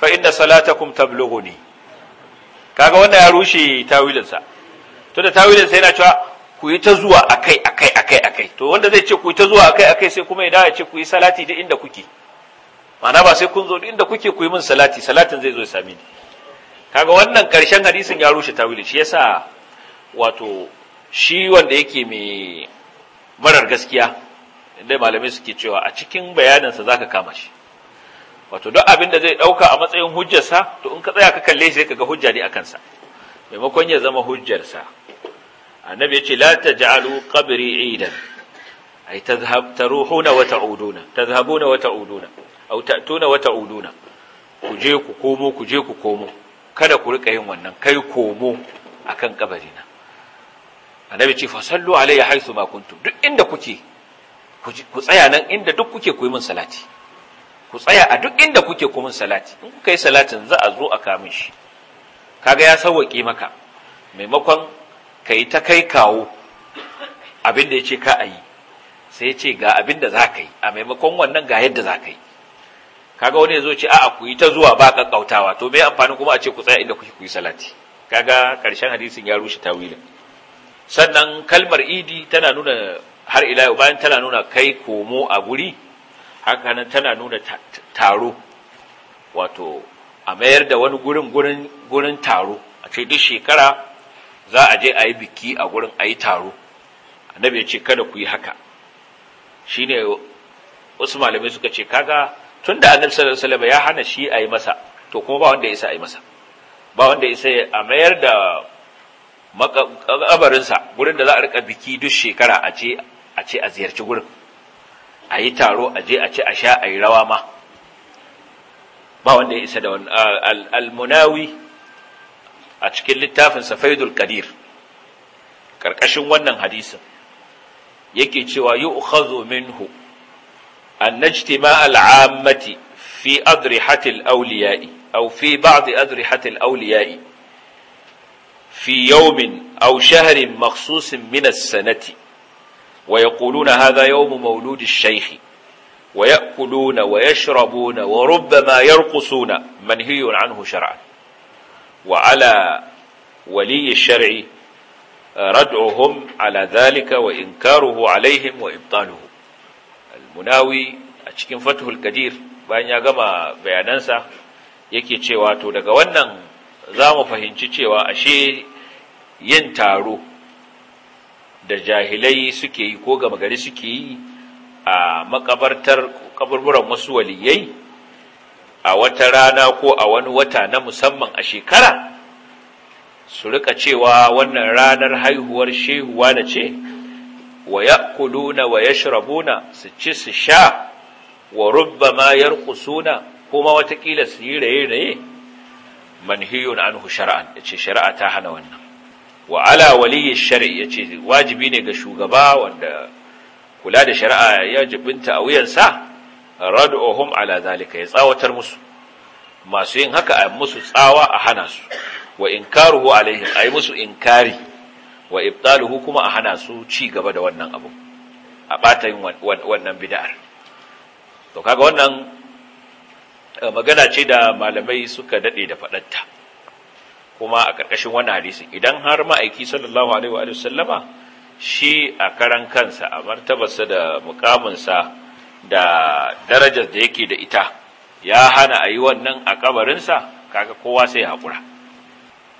fa inna salatakum tablughuni kaga wannan ya rushe tawilinsa. to da tawilinsa yana cewa ku yi ta zuwa akai akai akai akai to wanda zai ce ku yi ta zuwa akai akai sai kuma ya dawo ya ce ku yi salati duk inda kuke ma'ana ba sai kun zo duk inda kuke ku yi min salati salatin zai zo ya sami ni kaga wannan karshen hadisin ya rushe tawilin shi yasa wato shi wanda yake mai marar gaskiya inda malamai suke cewa a cikin bayaninsa zaka kama shi wato duk abin da zai dauka a matsayin hujjarsa to in ka tsaya ka kalle shi sai kaga hujja ne akan sa maimakon ya zama hujjarsa annabi ya ce la taj'alu qabri idan ay tadhhab taruhuna wa ta'uduna tadhhabuna wa ta'uduna aw ta'tuna wa ta'uduna ku je ku komo ku je ku komo kada ku rika yin wannan kai komo akan kabari na annabi ce fa sallu alayya haythu ma kuntum duk inda kuke ku tsaya nan inda duk kuke ku yi min salati ku tsaya a duk inda kuke kuma salati in kuka yi salatin za a zo a kamun shi kaga ya sauwaƙe maka maimakon ka yi ta kai kawo abin da ya ce ka a yi sai ce ga abin da za ka yi a maimakon wannan ga yadda za ka yi kaga wani ya zo ce a ku yi ta zuwa ba ƙautawa, to me amfani kuma a ce ku tsaya inda kuke ku yi salati kaga ƙarshen hadisin ya rushe tawilin sannan kalmar idi tana nuna har ila bayan tana nuna kai komo a guri haka nan tana nuna taro wato a mayar da wani gurin gurin taro a ce duk shekara za a je a yi biki a gurin a yi taro annabi ya ce kada ku yi haka Shi ne wasu malamai suka ce kaga da annabi sallallahu alaihi wasallam ya hana shi a yi masa to kuma ba wanda ya isa a yi masa ba wanda ya isa a mayar da makabarinsa gurin da za a rika biki duk shekara a ce a ziyarci gurin a yi taro a je a ci a sha a yi rawa ma ba wanda ya isa da al almunawi a cikin littafin safaidul ƙarƙashin wannan hadisin yake cewa yi ukhazu minhu an najtima al'ammati fi adrihatil auliya'i au fi ba'd adrihatil auliya'i fi yawmin aw shahrin makhsusin min as-sanati wa yaquluna hadha yawmu mauludi waya shaykhi wa ya'kuluna wa yashrabuna wa rubbama yarqusuna manhiyun anhu shar'an wa ala waliy ash-shar'i ردعهم على ذلك wa عليهم وإبطاله المناوي أشكين فتح الكدير bayan ya gama bayanansa yake cewa to daga wannan za mu fahimci cewa ashe yin taro da jahilai suke yi ko gama gari suke yi a makabartar kaburburan wasu waliyai a wata rana ko a wani wata na musamman a shekara su rika cewa wannan ranar haihuwar shehuwa na ce wa Kuduna wa shirabuna su ci su sha wa Rubba rubbama yarqusuna kuma watakila su yi raye-raye manhiyun anhu shar'an ce shari'a ta hana wannan wa ala waliyyi shar'i yace wajibi ne ga shugaba wanda kula da shari'a ya jibinta a wuyansa rad'uhum ala zalika ya tsawatar musu masu yin haka a musu tsawa a hana su wa inkaruhu alaihim ay musu inkari wa ibtaluhu kuma a hana su ci gaba da wannan abu a bata yin wannan bid'ar to kaga wannan eh, magana ce da malamai suka dade da fadatta kuma a ƙarƙashin wani hadisi idan har ma'aiki sallallahu alaihi wa sallama shi a karan kansa a martabarsa da mukaminsa da darajar da yake da ita ya hana a yi wannan a kabarinsa kaga kowa sai haƙura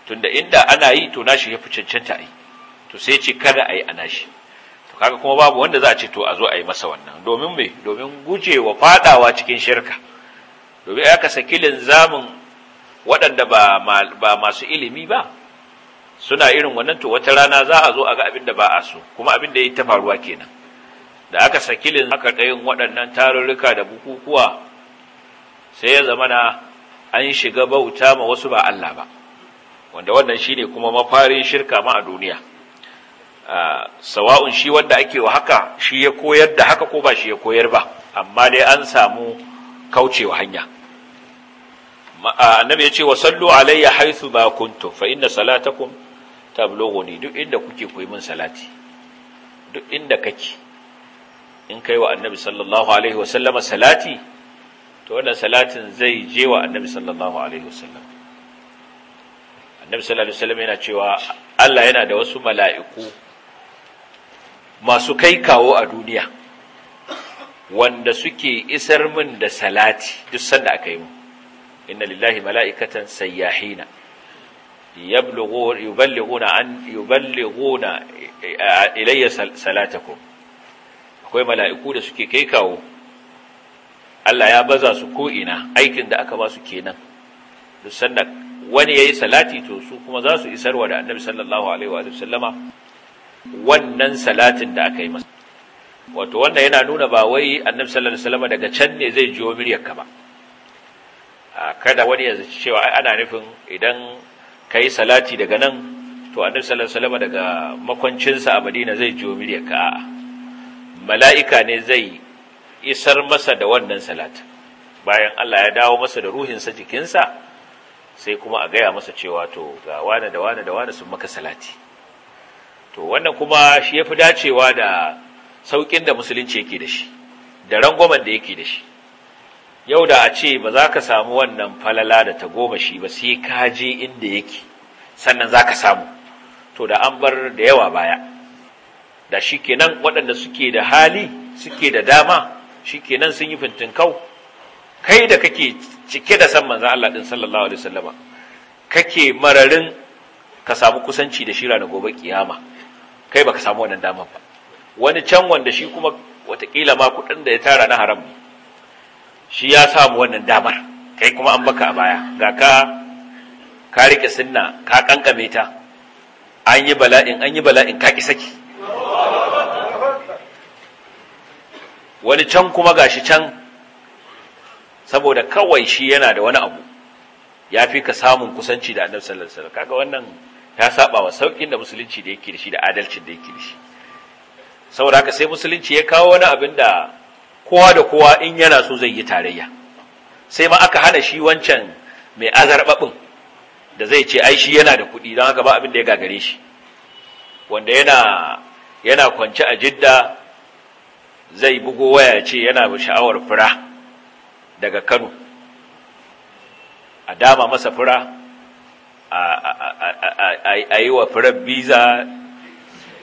tunda inda ana yi to nashi ya fi cancanta a yi to sai ce kada a yi a nashi to kaga kuma babu wanda za a ce to a zo a yi masa wannan domin me domin gujewa faɗawa cikin shirka domin aka saki linzamin waɗanda ba masu ilimi ba suna irin wannan to wata rana za a zo a ga abin da ba a so kuma abin da ya ta faruwa kenan da aka sakilin aka ɗayin waɗannan tarurruka da bukukuwa sai ya zama na an shiga bauta ma wasu ba Allah ba wanda wannan shine kuma mafarin shirka ma a duniya sawa'un shi wanda ake wa haka shi ya koyar da haka ko ba shi ya koyar ba amma dai an samu kaucewa hanya annabi ya ce wa sallu alayya haythu ma kuntum fa inna salatakum tablughuni duk inda kuke koyi min salati duk inda kake in kai wa annabi sallallahu alaihi wa sallama salati to wannan salatin zai je wa annabi sallallahu alaihi wa sallam annabi sallallahu alaihi wa sallam yana cewa Allah yana da wasu mala'iku masu kai kawo a duniya wanda suke isar min da salati duk sanda aka yi mu inna lillahi mala'ikatan sayyahina yuballighuna an yuballighuna eh, ilayya salatakum akwai mala'iku da suke kai kawo Allah ya baza su ko ina aikin da aka ba su kenan duk sanda wani yayi salati to su kuma za su isarwa da Annabi sallallahu alaihi wa sallama wannan salatin da aka yi masa wato wannan yana nuna ba wai Annabi sallallahu alaihi wa sallama daga can ne zai jiwo miryarka ba kada wani ya cewa, cewa ana nufin idan ka yi salati daga nan to annabi sallallahu alaihi daga makwancinsa a Madina zai jiyo miliyarka a'a mala'ika ne zai isar masa da wannan salatin bayan Allah ya dawo masa da ruhinsa jikinsa sai kuma a gaya masa cewa to ga wane da wane da wane sun maka salati to wannan kuma shi ya fi dacewa da saukin da musulunci yake da shi da rangwamen da yake da shi yau da a ce ba za ka samu wannan falala da ta goma shi ba sai ka je inda yake sannan za ka samu to da an bar da yawa baya da shi kenan waɗanda suke da hali suke da dama shi kenan sun yi kau, kai da kake cike da san manzan Allah ɗin sallallahu alaihi wasallama kake mararin ka samu kusanci da shira na gobe kiyama kai ba ka samu wannan damar ba wani can wanda shi kuma watakila ma kuɗin da ya tara na haram ne shi ya samu wannan damar kai kuma an baka a baya ga ka ka rike sunna ka kankame ta an yi bala'in an yi bala'in ka ki saki wani can kuma gashi can saboda kawai shi yana da wani abu ya fi ka samun kusanci da annabi sallallahu alaihi wasallam kaga wannan ya saba wa saukin da musulunci da yake da shi da adalcin da yake da shi saboda haka sai musulunci ya kawo wani abin da kowa da kowa in yana so zai yi tarayya sai ma aka hana shi wancan mai azarbabin da zai ce ai shi yana da kuɗi don haka ba abin da ya gagare shi wanda yana yana kwance a jidda zai bugo waya ce yana sha'awar fura daga kano a dama masa fura a yi wa firar biza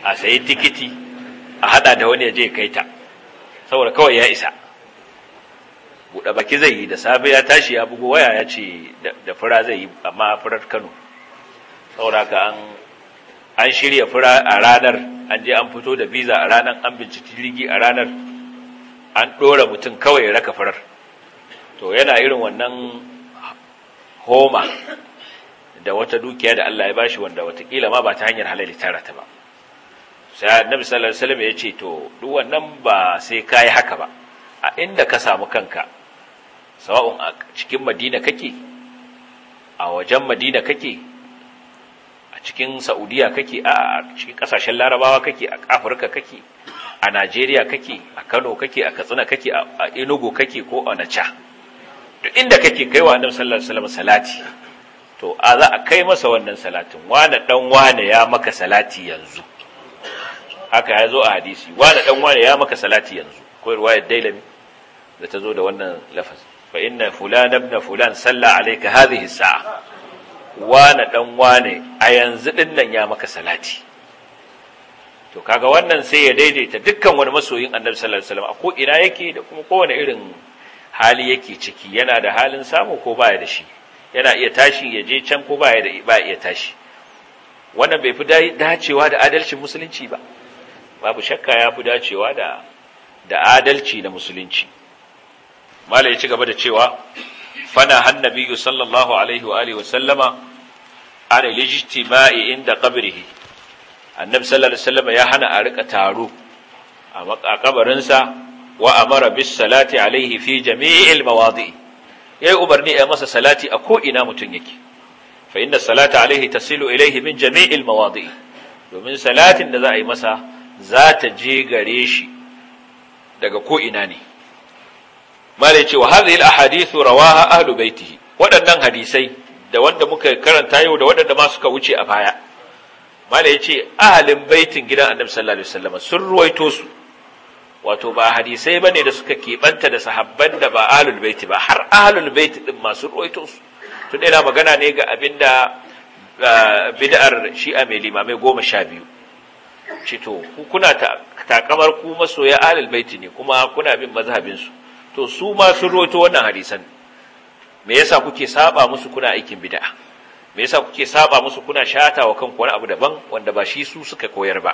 a sayi tikiti a hada da wani ya je kai ta saboda kawai ya isa buɗe baki zai yi da safe ya tashi ya bugo waya ya ce da fura zai yi amma a furar kano saboda ka an shirya fura a ranar an je an fito da visa a ranar an binciki jirgi a ranar an ɗora mutum kawai ya raka furar to yana irin wannan homa da wata dukiya da Allah ya bashi wanda watakila ma ba ta hanyar halali tara ta ba sai annabi sallallahu alaihi wasallam ya ce to duk wannan ba sai kai haka ba a inda ka samu kanka sawa'un a cikin madina kake a wajen madina kake a cikin saudiya kake a cikin kasashen larabawa kake a afirka kake a najeriya kake a kano kake a katsina kake a enugu kake ko a nacha duk inda kake kaiwa annabi sallallahu alaihi wasallam salati to a za a kai masa wannan salatin wane dan wane ya maka salati yanzu haka ya zo a hadisi wani dan wani ya maka salati yanzu ko riwayar dailami da ta zo da wannan lafaz fa inna fulan ibn fulan salla alayka hadhihi sa'a wani dan a yanzu din nan ya maka salati to kaga wannan sai ya daidaita dukkan wani masoyin annabi sallallahu alaihi wasallam a ko ina yake da kuma kowane irin hali yake ciki yana da halin samu ko baya da shi yana iya tashi ya je can ko baya da ba iya tashi wannan bai fi dacewa da adalcin musulunci ba babu shakka ya fi dacewa da da adalci da musulunci mala ya ci gaba da cewa fana hannabiyu sallallahu alaihi wa alihi wasallama an ijtima'i inda qabrihi annabi sallallahu alaihi wasallama ya hana a rika taro a kabarinsa wa amara bis salati alaihi fi jami'il mawadi yayi ubarni ya masa salati a ko ina mutun yake fa inna salata alaihi tasilu ilaihi min jami'il mawadi domin salatin da za a yi masa za ta je gare shi daga ko ina ne Mare ce wa hadhihi al-ahadithu rawaha ahlu baitihi waɗannan hadisai da wanda muka karanta yau da waɗanda ma suka wuce a baya mare ce ahalin baitin gidan annabi sallallahu alaihi wasallam sun ruwaito su wato ba hadisai bane da suka keɓanta da sahabban da ba ahlul baiti ba har ahlul baiti din sun ruwaito su tun ina magana ne ga abinda ah, bid'ar shi'a mai limamai goma sha biyu Cito, to kuna takamar ku masoya ahlul baiti ne kuma kuna bin mazhabin su to su ma sun roto wannan hadisan me yasa kuke saba musu kuna aikin bid'a me yasa kuke saba musu kuna shata wa kanku wani abu daban wanda ba shi su suka koyar ba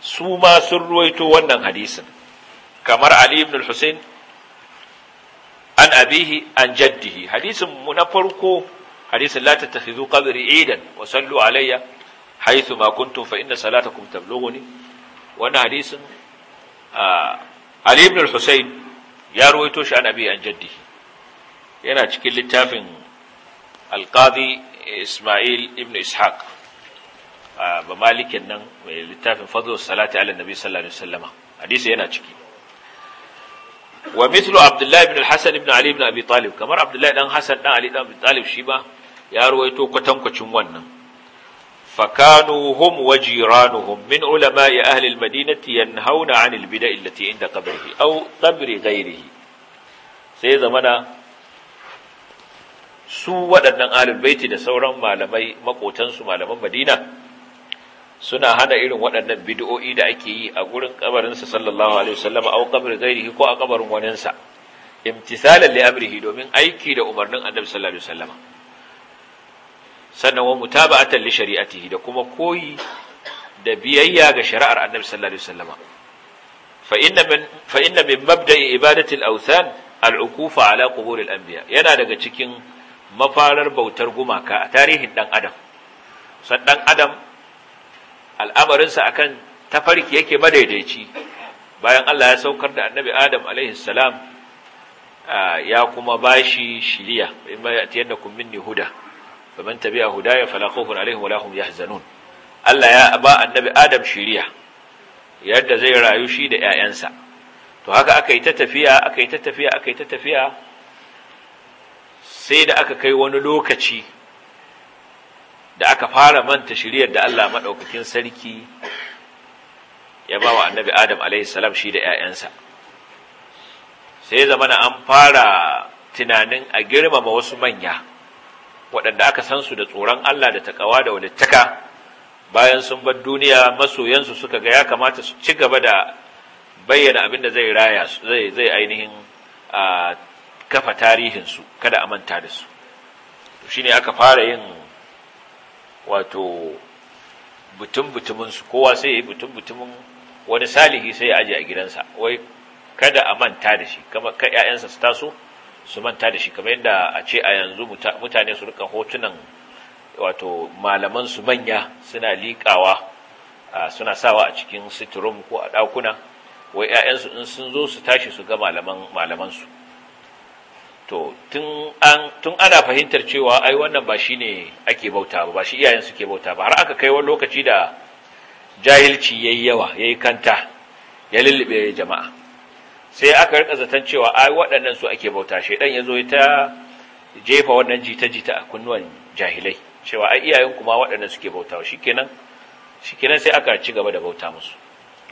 su ma sun roto wannan hadisin kamar Ali ibn al-Husayn an abihi an jaddihi hadisin mu na farko hadisin la tattakhizu qabri idan wa sallu alayya haythu ma kuntum fa inna salatakum tablughuni wannan hadisin Ali ibn al-Husayn ya ruwaito shi an abi an jaddi yana cikin littafin al-Qadi Ismail ibn Ishaq ba malikin nan mai littafin fadlus salati ala nabi sallallahu alaihi wasallama hadisi yana ciki wa mithlu abdullahi ibn al-hasan ibn ali ibn abi talib kamar abdullahi dan hasan dan ali dan abi talib shi ba ya ruwaito kwatankwacin wannan fakanu hum wa jiranuhum min ulama'i ahli al-madinati yanhauna 'anil bida'i allati inda qabrihi aw qabri sai zamana su waɗannan ahlul baiti da sauran malamai makotansu malaman Madina suna hana irin waɗannan bid'o'i da ake yi a gurin kabarinsa sallallahu alaihi wasallam aw qabri ghairihi ko a kabarin waninsa imtisalan li amrihi domin aiki da umarnin annabi sannan wa mutaba'atan li shari'atihi da kuma koyi da biyayya ga shari'ar annabi sallallahu alaihi wasallam fa inna min fa inna min mabda'i ibadati al-awthan al ala qubur al-anbiya yana daga cikin mafarar bautar gumaka a tarihin dan adam san dan adam al'amarinsa akan tafarki yake madaidaici bayan Allah ya saukar da annabi adam alaihi salam ya kuma bashi shiriya in ba ya kun minni huda faman tabi'a hudaya fala khawfun alaihim wala hum yahzanun Allah ya ba annabi Adam shiriya yadda zai rayu shi da ƴaƴansa to haka aka yi ta tafiya aka yi ta tafiya aka yi ta tafiya sai da aka kai wani lokaci da aka fara manta shiriyar da Allah maɗaukakin sarki ya ba wa annabi Adam alaihissalam shi da ‘ya'yansa. Sai zamana an fara tunanin a girmama wasu manya, waɗanda aka san su da tsoron Allah da takawa da walittaka bayan sun bar duniya masoyansu suka ga ya kamata su ci gaba da bayyana abin da zai raya zai zai ainihin kafa tarihin su kada a manta da su shine aka fara yin wato butun butumin su kowa sai yi butun butumin wani salihi sai ya aje a gidansa wai kada a manta da shi kamar ka ƴaƴansa su taso su manta da shi kamar yadda a ce a yanzu mutane su rika hotunan wato malaman su manya suna liƙawa suna sawa a cikin sitrum ko a ɗakuna wai 'ya'yansu in sun zo su tashi su ga malaman su to tun ana fahimtar cewa ai wannan ba shi ne ake bauta ba ba shi iyayen suke bauta ba har aka kai wani lokaci da jahilci yayi yawa yayi kanta ya lullube jama'a sai aka rika zaton cewa ai waɗannan su ake bauta shaidan ya zo ta jefa wannan jita-jita a kunnuwan jahilai cewa ai iyayen kuma waɗannan suke bauta shi kenan sai aka ci gaba da bauta musu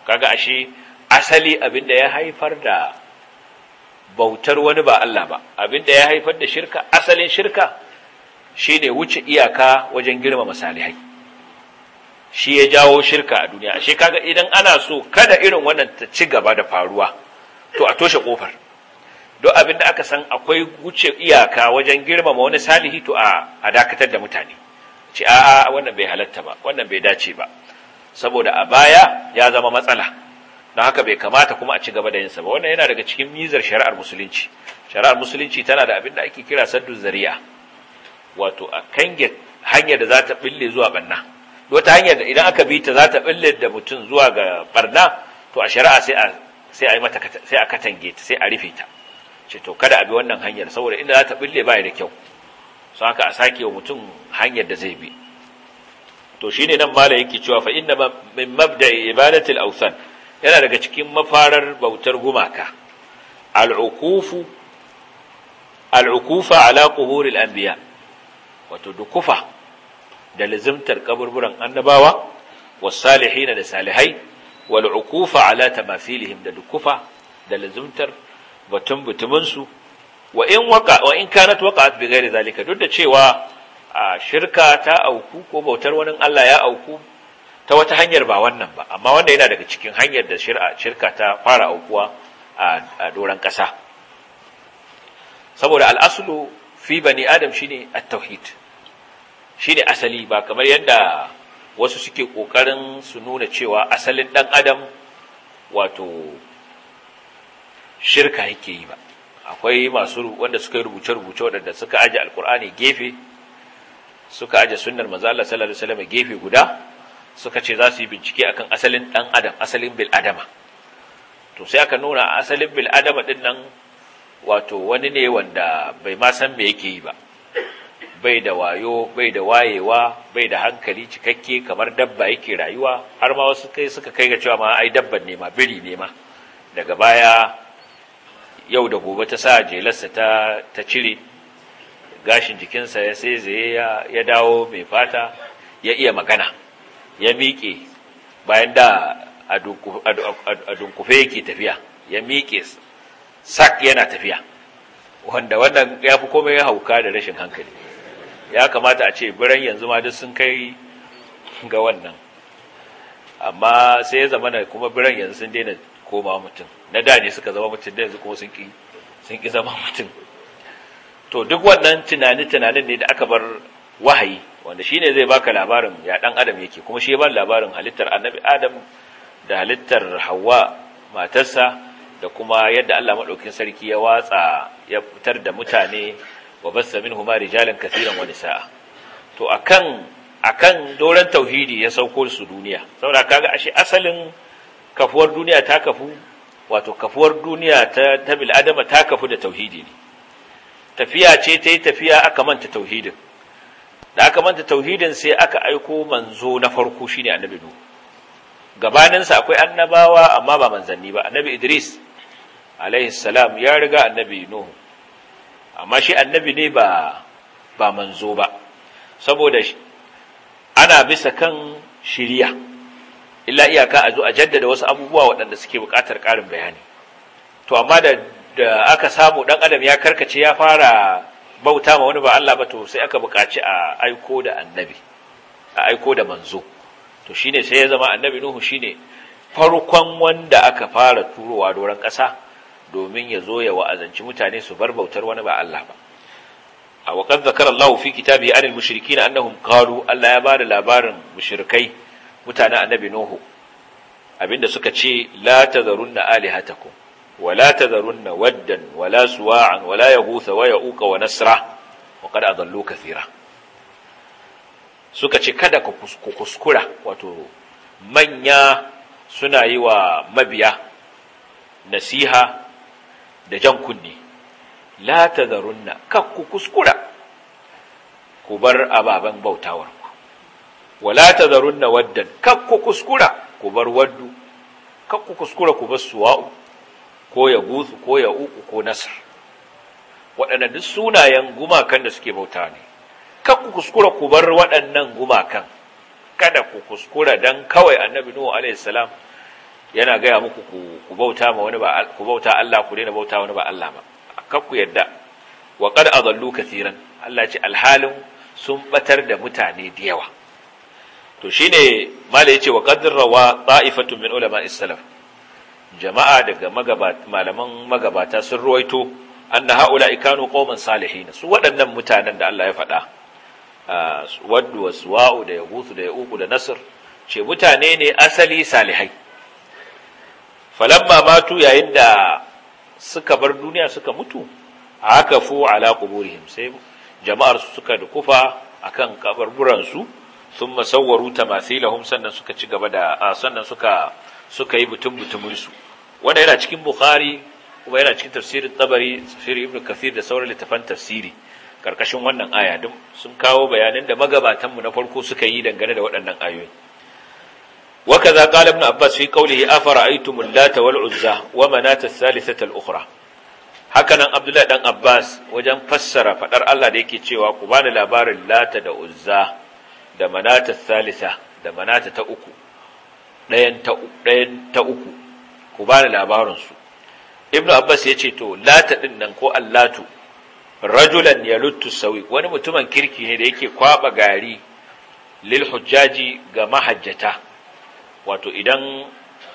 kaga ashe asali abinda ya haifar da bautar wani ba Allah ba abinda ya haifar da shirka asalin shirka shine wuce iyaka wajen girmama salihai shi ya jawo shirka a duniya ashe kaga idan ana so kada irin wannan ta ci gaba da faruwa to a toshe kofar duk abin da aka san akwai wuce iyaka wajen girmama wani salihi to a dakatar da mutane ce a'a wannan bai halatta ba wannan bai dace ba saboda a baya ya zama matsala don haka bai kamata kuma a ci gaba da yinsa ba wannan yana daga cikin mizar shari'ar musulunci shari'ar musulunci tana da abin da ake kira saddu zari'a wato a kange hanyar da za ta bille zuwa barna wata hanyar da idan aka bi ta za ta bille da mutum zuwa ga barna to a shari'a sai a sai a yi mata sai a katange ta sai a rufe ta ce to kada a bi wannan hanyar saboda inda za ta bille ba da kyau so haka a sake wa mutum hanyar da zai bi to shine nan mala yake cewa fa inna min mabda ibadatil awsan yana daga cikin mafarar bautar gumaka al'ukufu al'ukufa ala quburil anbiya wato dukufa da lazimtar kaburburan annabawa was Salihina da salihai wal ukufa ala tamathilihim da dukufa da lazumtar batun butumin su wa in waka wa in kanat waqa'at bi ghairi zalika duk da cewa shirka ta auku ko bautar wani Allah ya auku ta wata hanyar ba wannan ba amma wanda yana daga cikin hanyar da shirka ta fara aukuwa a doran ƙasa saboda al'aslu fi bani adam shine at-tauhid shine asali ba kamar yadda wasu suke ƙoƙarin su nuna cewa asalin ɗan adam wato shirka yake yi ba akwai masu wanda suka yi rubuce-rubuce waɗanda suka aje alkur'ani gefe suka aje sunnar mazala sallallahu alaihi wasallam gefe guda suka ce za su yi bincike akan asalin ɗan adam asalin bil adama to sai aka nuna asalin bil adama ɗin nan wato wani ne wanda bai ma san me yake yi ba bai da wayo bai da wayewa bai da hankali cikakke kamar dabba yake rayuwa har ma wasu kai suka kai ga cewa ma ai dabban ne ma biri ne ma daga baya yau da gobe ta sa jelarsa ta ta cire gashin jikinsa ya sai zai ya dawo mai fata ya iya magana ya miƙe bayan da a dunkufe yake tafiya ya miƙe sak yana tafiya wanda wannan ya fi komai hauka da rashin hankali ya kamata a ce biran yanzu ma duk sun kai ga wannan amma sai ya zama da kuma biran yanzu sun daina koma mutum na da ne suka zama mutum da yanzu kuma sun ki sun ki zama mutum to duk wannan tunani tunanin ne da aka bar wahayi wanda shine zai baka labarin ya dan adam yake kuma shi ya bar labarin halittar annabi adam da halittar hawa matarsa da kuma yadda Allah madaukin sarki ya watsa ya fitar da mutane wa huma minhuma rijalan katiran wa nisaa to akan akan doran tauhidi ya sauko su duniya saboda kaga ashe asalin kafuwar duniya ta kafu wato kafuwar duniya ta ta ta kafu da tauhidi ne tafiya ce ta yi tafiya aka manta tauhidin da aka manta tauhidin sai aka aiko manzo na farko shine annabi nuhu gabaninsa akwai annabawa amma ba manzanni ba annabi idris alaihi salam ya riga annabi nuhu amma shi annabi ne ba ba manzo ba saboda ana bisa kan shiriya illa iyaka a zo a jaddada wasu abubuwa waɗanda suke buƙatar ƙarin bayani to amma da aka samu ɗan adam ya karkace ya fara bauta ma wani ba Allah ba to sai aka buƙaci a aiko da annabi a aiko da manzo to shine sai ya zama annabi nuhu shine farkon wanda aka fara turowa doron ƙasa domin ya zo ya wa'azanci mutane su bar bautar wani ba Allah ba a waƙar zakar Allah fi kitabi anil mushriki na annahum qalu Allah ya ba da labarin mushrikai mutane annabi Nuhu abinda suka ce la tazarunna alihatakum wa la tazarunna waddan wa la suwa'an wa la husa, wa uka, wa nasra wa qad ka tsira. suka ce kada ku kuskura wato manya suna yi wa mabiya nasiha da jan kunne la tazarunna kakku kuskura ku bar ababen bautawarku wala tazarunna waddan kakku kuskura ku bar waddu kakku kuskura ku bar suwa'u ko ya ko ya uku ko nasr waɗannan duk sunayen gumakan da suke bauta ne kakku kuskura ku bar waɗannan gumakan kada ku kuskura dan kawai annabi nuhu alaihi salam yana gaya muku ku bauta ma wani ba ku bauta Allah ku daina bauta wani ba Allah ba kar ku yadda wa qad adallu Allah ce alhalin sun batar da mutane da yawa to shine mala yace wa qad rawa ta'ifatu min ulama salaf jama'a daga magabata malaman magabata sun ruwaito anna haula ikanu qauman salihin su waɗannan mutanen da Allah ya faɗa waddu waswa'u da yaghuthu da yauqu da nasr ce mutane ne asali salihai falamma matu yayin da suka bar duniya suka mutu haka fu ala quburihim sai jama'ar su suka dukufa akan kaburburan su sun masawwaru tamasilahum sannan suka ci gaba da sannan suka suka yi butun butumin su wanda yana cikin bukhari kuma yana cikin tafsirin tabari tafsirin ibnu kathir da sauran littafan tafsiri karkashin wannan aya duk sun kawo bayanan da magabatanmu na farko suka yi dangane da waɗannan ayoyi وكذا قال ابن عباس في قوله أفرأيتم اللات uzza ومناة الثالثة الأخرى hakanan abdullahi dan abbas wajen fassara faɗar Allah da yake cewa ku bani labarin lata da uzza da manata da manata ta uku ɗayan ta uku ku bani labarin su ibnu abbas ya ce to lata din nan ko allatu rajulan yaluttu sawi wani mutumin kirki ne da yake kwaɓa gari lil hujjaji ga mahajjata wato idan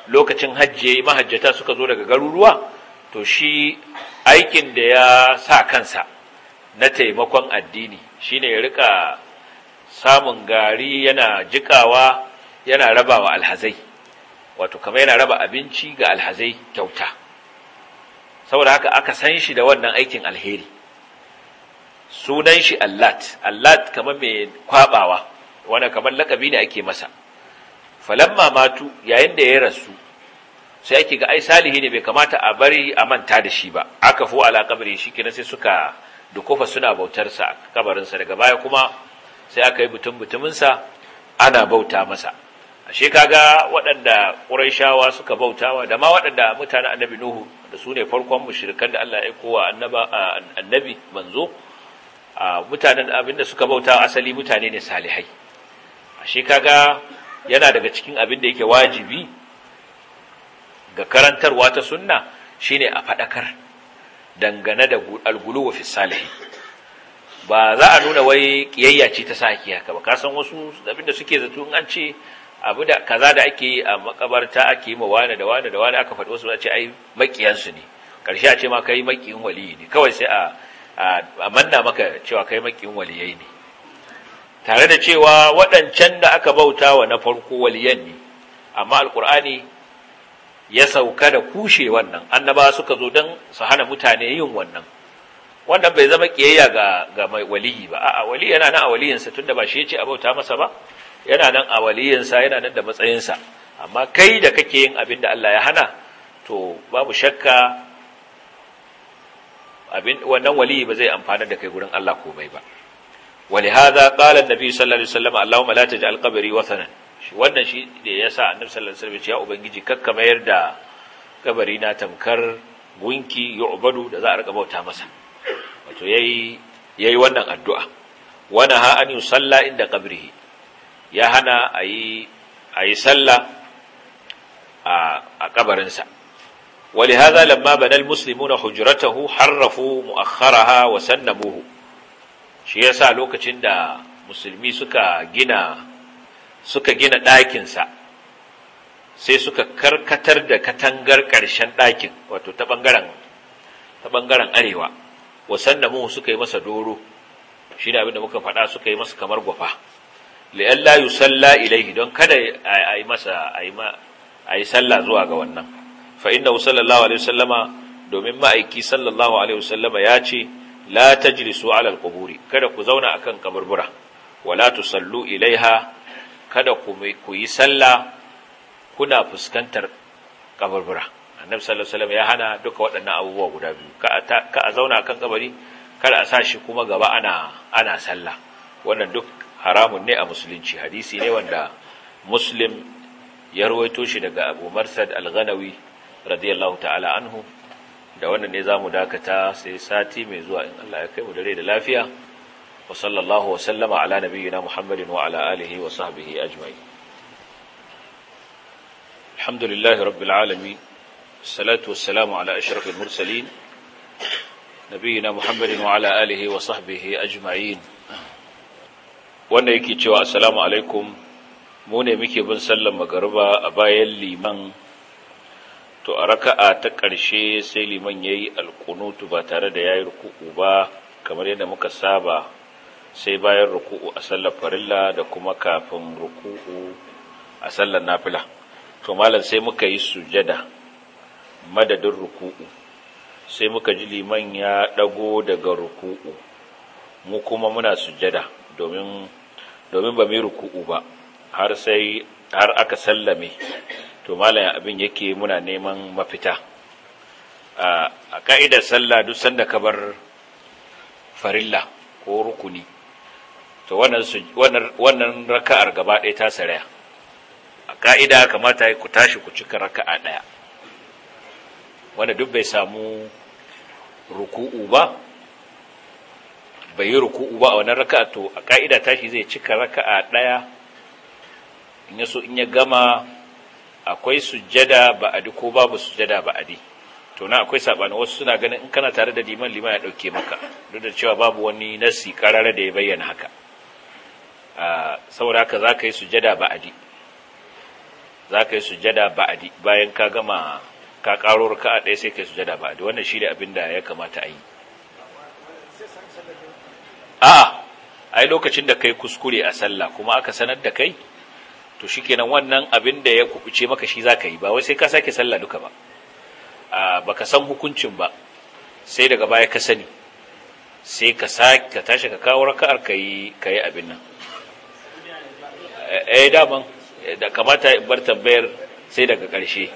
lokacin hajji mahajjata suka zo daga garuruwa to shi aikin da ya sa kansa na taimakon addini shine ya rika samun gari yana jikawa yana rabawa alhazai wato kamar yana raba abinci ga alhazai kyauta saboda haka aka san shi da wannan aikin alheri sunan shi allat allat kamar mai kwabawa wanda kamar lakabi ne ake masa falamma matu yayin da ya rasu sai ake ga ai salihi ne bai kamata a bari a manta da shi ba aka fo ala kabari shi kenan sai suka dukufa suna bautar sa kabarin sa daga baya kuma sai aka yi butun butumin sa ana bauta masa ashe kaga waɗanda quraishawa suka bautawa da ma waɗanda mutanen annabi nuhu da su ne farkon mushrikan da Allah ya kowa annaba annabi manzo mutanen abinda suka bauta asali mutane ne salihai ashe kaga yana daga cikin abin da yake wajibi ga karantarwa ta sunna shine a faɗakar dangane da al-gulu wa fisalihi ba za a nuna wai kiyayya ce ta saki haka ba kasan wasu abin da suke zato in an ce abu da kaza da ake yi a makabarta ake yi ma wani da wani da wani aka faɗi wasu a ce ai su ne karshe a ce ma kai makiyin waliyi ne kawai sai a a manna maka cewa kai makiyin waliyai ne tare da cewa waɗancan da aka bauta wa na farko waliyan ne amma alkur'ani ya sauka da kushe wannan annaba suka zo don su hana mutane yin wannan wannan bai zama kiyayya ga ga mai waliyi ba a'a wali yana nan a waliyinsa tunda ba shi yace a bauta masa ba yana nan a waliyinsa yana nan da matsayinsa amma kai da kake yin abin da Allah ya hana to babu shakka abin wannan waliyi ba zai amfana da kai gurin Allah komai ba ولهذا قال النبي صلى الله عليه وسلم اللهم لا تجعل قبري وثنا wannan shi da yasa annabi sallallahu alaihi wasallam ya ubangiji kakka mayar da kabari na tamkar gunki yu'badu da za a rika bauta masa wato yayi yayi wannan addu'a wana ha an yusalla inda qabrihi ya hana ayi ayi salla a a kabarin sa ولهذا لما بنى المسلمون حجرته ha مؤخرها وسنبوه shi yasa lokacin da musulmi suka gina suka gina ɗakinsa sai suka karkatar da katangar ƙarshen ɗakin wato ta ɓangaren arewa wasan da mu suka yi masa doro shi da abinda muka faɗa suka yi masa kamar gwafa li'an la yusalla ilaihi don kada a yi masa a yi sallah zuwa ga wannan fa inna sallallahu alaihi wasallama domin ma'aiki sallallahu alaihi wasallama ya ce la tajlisu ala alquburi kada ku zauna akan kaburbura wala tusallu ilaiha kada ku yi sallah kuna fuskantar kaburbura annabi sallallahu alaihi wasallam ya hana duka waɗannan abubuwa guda biyu ka a zauna akan kabari kada a sashi kuma gaba ana ana sallah wannan duk haramun ne a musulunci hadisi ne wanda muslim ya rawaito shi daga abu marsad al-ghanawi radiyallahu ta'ala anhu da wannan ne za mu dakata sai sati mai zuwa in Allah ya kai mu dare da lafiya wa sallallahu wa sallama ala nabiyyina Muhammadin wa ala alihi wa sahbihi ajma'in alhamdulillahi rabbil alamin salatu wassalamu ala ashrafil mursalin nabiyina Muhammadin wa ala alihi wa sahbihi ajma'in wanda yake cewa assalamu alaikum mu ne muke bin sallan magariba a bayan liman to a raka'a ta ƙarshe sai liman ya yi alƙunutu ba tare da ya yi ruku'u ba kamar yadda muka saba sai bayan ruku'u a sallar farilla da kuma kafin ruku'u a sallar nafila to malam sai muka yi sujada madadin ruku'u sai muka ji liman ya ɗago daga ruku'u mu kuma muna sujada domin domin ba mai ruku'u ba har sai har aka sallame to malam abin yake muna neman mafita a ka'idar sallah duk sanda ka bar farilla ko rukuni to wannan raka'ar gaba ɗaya ta saraya a ka'ida kamata ku tashi ku cika raka'a ɗaya wanda duk bai samu ruku'u ba bai yi ruku'u ba a wannan raka'a to a ka'ida tashi zai cika raka'a ɗaya in ya in ya gama akwai sujjada ba'adi ko babu sujjada ba'adi to na akwai sabani wasu suna ganin in kana tare da liman liman ya dauke maka duk da cewa babu wani nasi karara da ya bayyana haka saboda haka zaka yi sujjada ba'adi zaka yi sujjada bayan ka gama ka karo raka'a ɗaya sai kai sujjada ba'adi wannan shine abin da ya kamata a yi a'a ai lokacin da kai kuskure a sallah kuma aka sanar da kai to shi kenan wannan abin da ya kubuce maka shi zaka yi ba wai sai ka sake sallah duka ba ka san hukuncin ba sai daga baya ka sani sai ka sake ka tashi ka kawo raka'ar ka yi ka yi abin nan eh daman da kamata in bar tambayar sai daga ƙarshe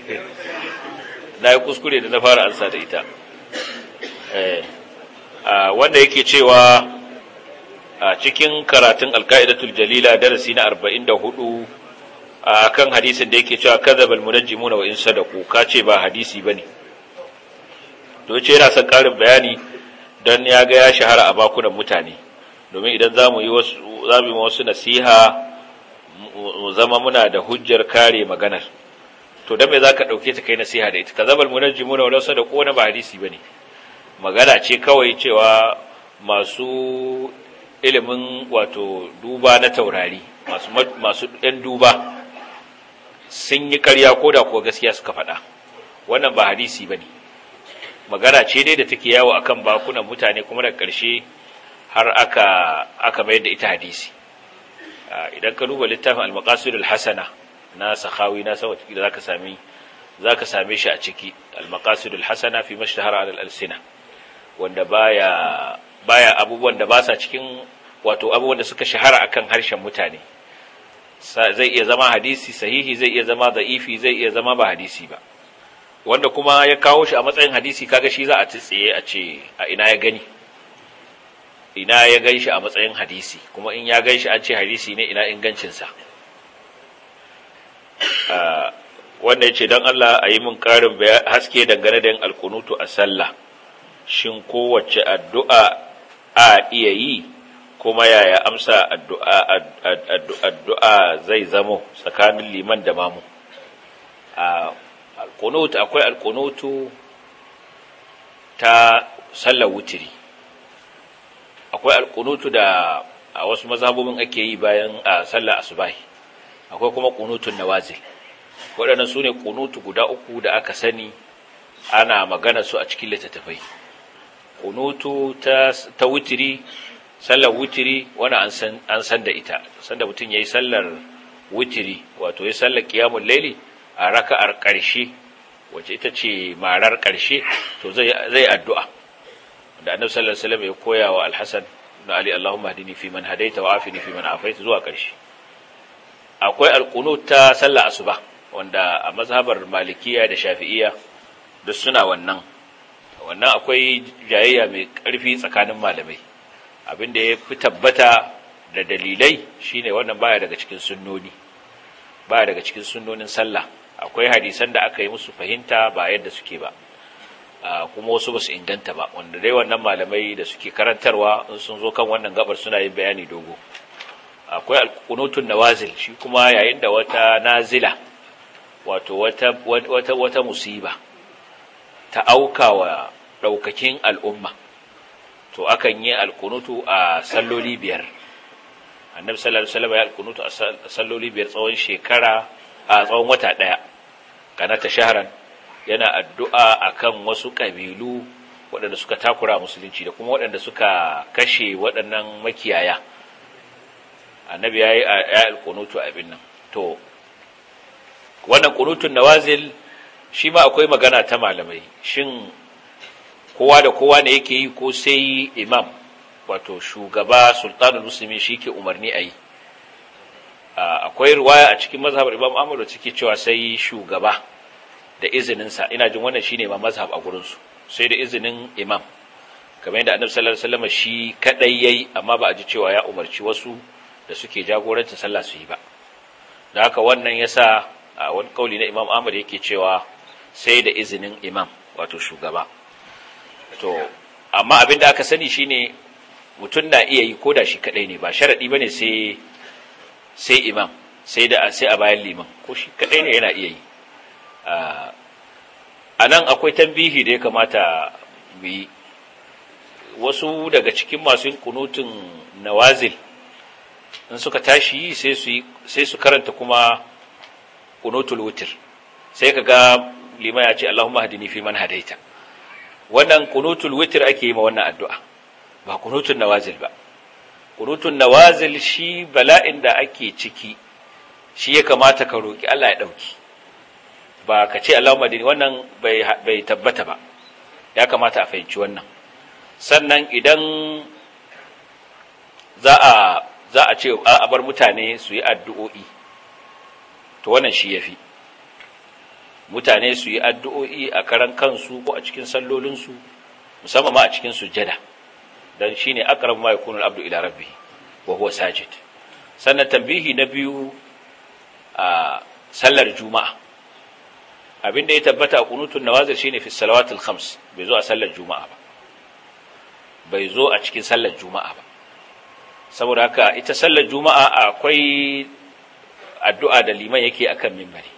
na yi kuskure da na fara ansa da ita eh, wanda yake cewa a cikin karatun alka'idatul jalila darasi na 44 a kan hadisin da yake cewa kazabal munajjimuna wa in sadaku ka ce ba hadisi bane to yace yana son karin bayani dan ya ga ya shahara a bakunan mutane domin idan zamu yi wasu zamu yi wasu nasiha mu zama muna da hujjar kare maganar to dan me zaka dauke ta kai nasiha da ita kazabal munajjimuna wa in sadaku na ba hadisi bane magana ce kawai cewa masu ilimin wato duba na taurari masu ɗan duba sun yi karya ko da kuwa gaskiya suka faɗa wannan ba hadisi ba ne magana ce dai da take yawo akan bakunan mutane kuma daga ƙarshe har aka aka mayar da ita hadisi idan ka duba littafin al-maqasid al-hasana na sakhawi na sawa da zaka sami same shi a ciki al-maqasid al-hasana fi mashtahara al-alsina wanda baya baya abubuwan da ba sa cikin wato abubuwan da suka shahara akan harshen mutane zai iya zama hadisi sahihi zai iya zama da'ifi zai iya zama ba hadisi ba wanda kuma ya kawo shi a matsayin hadisi kaga shi za a tsitsiye a ce a ina ya gani ina ya gan shi a matsayin hadisi kuma in ya gan shi an ce hadisi ne ina ingancinsa wanda ya ce don Allah a yi min ƙarin haske dangane da yin alkunutu a sallah shin kowace addu'a a iya yi kuma yaya amsa addu'a zai zamo tsakanin liman da mamu alkunutu akwai alkunutu ta sallar wutiri akwai alkunutu da a wasu mazhabobin ake yi bayan a sallar asubahi akwai kuma kunutun wazil. waɗannan su ne kunutu guda uku da aka sani ana magana su a cikin littattafai kunutu ta ta wutiri sallar wutiri wani an san da ita sanda mutum ya yi sallar wutiri wato ya sallar qiyamul laili a raka'ar ƙarshe wacce ita ce marar ƙarshe to zai zai addu'a da annabi sallar alaihi ya koya wa Alhasan, na ali allahumma hdini fi man hadaita wa afini fi man zuwa ƙarshe akwai alƙunu ta sallar asuba wanda a mazhabar malikiya da shafi'iya, duk suna wannan wannan akwai jayayya mai ƙarfi tsakanin malamai abin da ya fi tabbata da dalilai shine wannan baya daga cikin sunnoni baya daga cikin sunnonin sallah akwai hadisan da aka yi musu fahimta ba yadda suke ba kuma wasu ba su inganta ba wanda dai wannan malamai da suke karantarwa in sun zo kan wannan gabar suna yin bayani dogo akwai alkunutun nawazil shi kuma yayin da wata nazila wato wata wata musiba ta auka wa ɗaukakin al'umma to akan yi alkunutu a salloli biyar annabi sallallahu alaihi wasallam ya alkunutu a salloli biyar tsawon shekara a tsawon wata ɗaya kana ta shaharan yana addu'a akan wasu ƙabilu, waɗanda suka takura musulunci da kuma waɗanda suka kashe waɗannan makiyaya annabi ya yi alkunutu abin nan to wannan kunutun nawazil shi ma akwai magana ta malamai shin kowa da kowa ne yake yi ko sai imam wato shugaba sultanul musulmi shi ke umarni a yi akwai ruwaya a cikin mazhabar imam ahmad da suke cewa sai shugaba da izininsa ina jin wannan shi ne ma mazhab a gurinsu sai da izinin imam kamar yadda annabi sallallahu alaihi wasallam shi kadai yayi amma ba a ji cewa ya umarci wasu da suke jagorancin sallah su yi ba da haka wannan yasa a wani kauli na imam ahmad yake cewa sai da izinin imam wato shugaba to amma abin da aka sani shine mutum na iya yi koda shi kadai ne ba sharadi bane sai sai imam sai da sai a bayan liman ko shi kadai ne yana iya yi a nan akwai tambihi da ya kamata mu yi wasu daga cikin masu yin kunutun nawazil in suka tashi sai su karanta kuma kunutul wutir sai ka ga liman ya ce Allahumma hadini fi man hadaita wannan kunutul witr ake yi ma wannan addu'a ba kunutun nawazil ba kunutun nawazil shi bala'in da ake ciki shi ya kamata ka roki Allah ya dauki ba ka ce Allahumma hadini wannan bai bai tabbata ba ya kamata a fahimci wannan sannan idan za a za a ce a bar mutane su yi addu'o'i to wannan shi yafi mutane su yi addu'o'i a karan kansu ko a cikin sallolinsu musamman ma a cikin sujjada don shi ne akarar ma yakunu abdu ila rabbi wa huwa sajid sannan tambihi na biyu a sallar juma'a abin da ya tabbata a kunutun nawazir shine fi salawatul khams bai zo a sallar juma'a ba bai zo a cikin sallar juma'a ba saboda haka ita sallar juma'a akwai addu'a da liman yake akan mimbari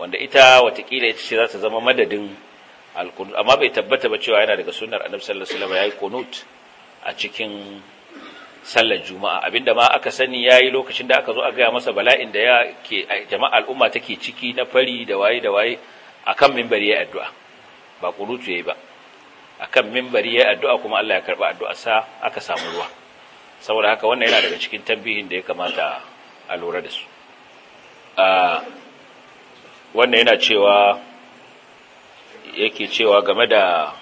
wanda ita watakila ita ce za ta zama madadin alkunut amma bai tabbata ba cewa yana daga sunnar annabi sallallahu alaihi wasallam yayi kunut a cikin sallar juma'a abinda ma aka sani yayi lokacin da aka zo aka gaya masa bala'in da ya ke jama'a al'umma take ciki na fari da waye da waye akan minbari ya addu'a ba kunut yayi ba akan minbari ya addu'a kuma Allah ya karba addu'a sa aka samu ruwa saboda haka wannan yana daga cikin tambihin da ya kamata a lura da su ah, wannan yana cewa yake cewa game da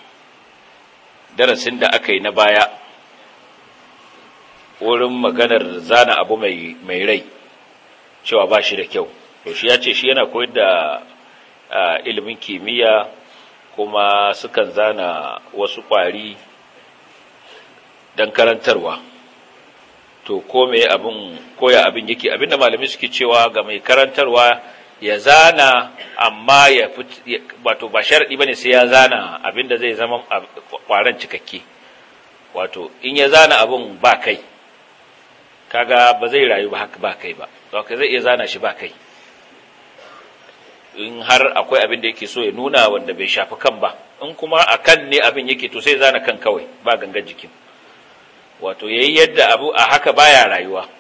darasin da aka yi na baya wurin maganar zana abu mai rai cewa ba shi da kyau to shi ya ce shi yana koyar da ilimin kimiyya kuma sukan zana wasu ƙwari don karantarwa to ko abin koya abin yake da malami suke cewa ga mai karantarwa ya zana amma ya wato ba sharadi bane sai ya zana abinda zai zama kwaran cikakke wato in ya zana abun ba kai kaga ba zai rayu ba haka ba kai ba to kai zai iya zana shi ba kai in har akwai abin da yake so ya nuna wanda bai shafi kan ba in kuma a kan ne abin yake to sai zana kan kawai ba gangan jikin wato yayi yadda abu a haka baya rayuwa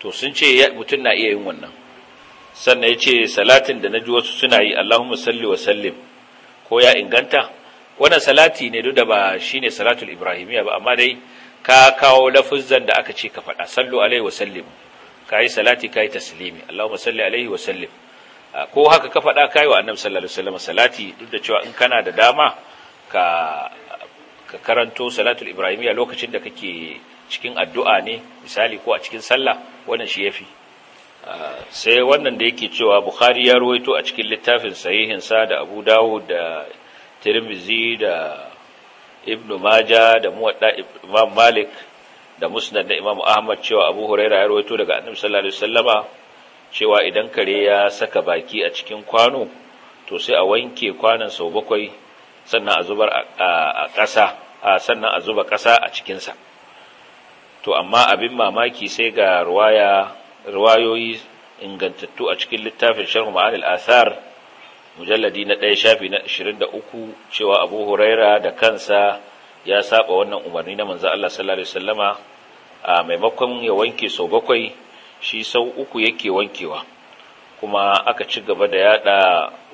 to sun ce mutum na iya yin wannan sannan ya ce salatin da na ji wasu suna yi Allahumma salli wa sallim ko ya inganta wannan salati ne duk da ba shine salatul ibrahimiya ba amma dai ka kawo lafuzzan da aka ce ka faɗa sallu alaihi wa sallim kai salati kai taslimi Allahumma salli alaihi wa sallim ko haka ka faɗa kai wa annabi sallallahu alaihi wasallam salati duk da cewa in kana da dama ka ka karanto salatul ibrahimiya lokacin da kake cikin addu'a ne misali ko a cikin sallah wannan shi yafi sai wannan da yake cewa bukhari ya ruwaito a cikin littafin sahihinsa da abu dawud da tirmizi da Ibn maja da muwadda imam malik da musnad da imam ahmad cewa abu huraira ya ruwaito daga annabi sallallahu alaihi wasallama cewa idan kare ya saka baki a cikin kwano to sai a wanke kwanon sau bakwai sannan a zubar a ƙasa sannan a zuba ƙasa a cikin sa to amma abin mamaki sai ga ruwaya riwayoyi ingantattu a cikin littafin sharhu al asar mujalladi na ɗaya shafi na 23 cewa abu huraira da kansa ya saba wannan umarni na manzo Allah sallallahu alaihi wasallama a maimakon ya wanke sau bakwai shi sau uku yake wankewa kuma aka ci gaba da yada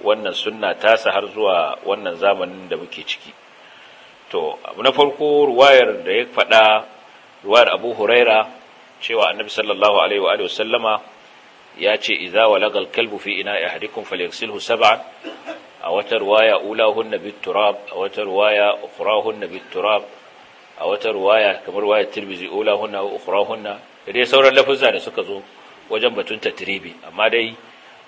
wannan sunna tasa har zuwa wannan zamanin da muke ciki to abu na farko ruwayar da ya faɗa ruwayar abu huraira cewa annabi sallallahu alaihi wa alihi sallama ya ce idza walaga al-kalbu fi ina'i ahadikum falyaghsilhu sab'an a wata ruwaya ulahunna bit-turab a wata ruwaya ukhrahunna bit-turab a wata ruwaya kamar ruwayar Tirmidhi ulahunna wa ukhrahunna dai sauran lafuzza da suka zo wajen batun tatribi amma dai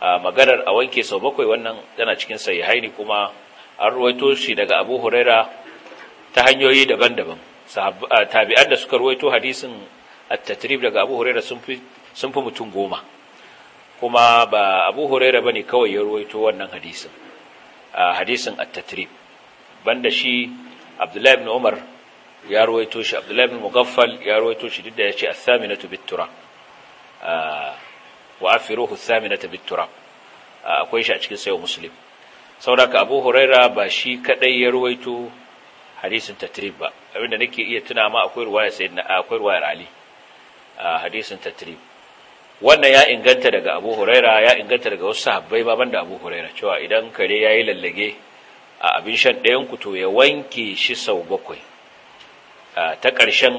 maganar a wanke sau bakwai wannan tana cikin sahihaini kuma an ruwaito shi daga Abu Huraira ta hanyoyi daban-daban tabi'an da suka ruwaito hadisin at-tatrib daga Abu Hurairah sun fi sun fi mutum goma kuma ba Abu Hurairah bane kawai ya ruwaito wannan hadisin hadisin at-tatrib banda shi Abdullah ibn Umar ya ruwaito shi Abdullah ibn Mughaffal ya ruwaito shi duk da yace as-saminatu bit-turab wa afiruhu as-saminatu bit-turab akwai shi a cikin sayo muslim sauraka abu huraira ba shi kadai ya ruwaito hadisin tatrib ba abinda nake iya tuna ma akwai ruwaya sayyidina akwai ruwayar ali A hadisin tatri wannan ya inganta daga abu huraira ya inganta daga wasu sahabbai baban da abu huraira cewa idan kare ya yi lallage a abin shan ɗayan ku to ya wanke shi sau bakwai ta ƙarshen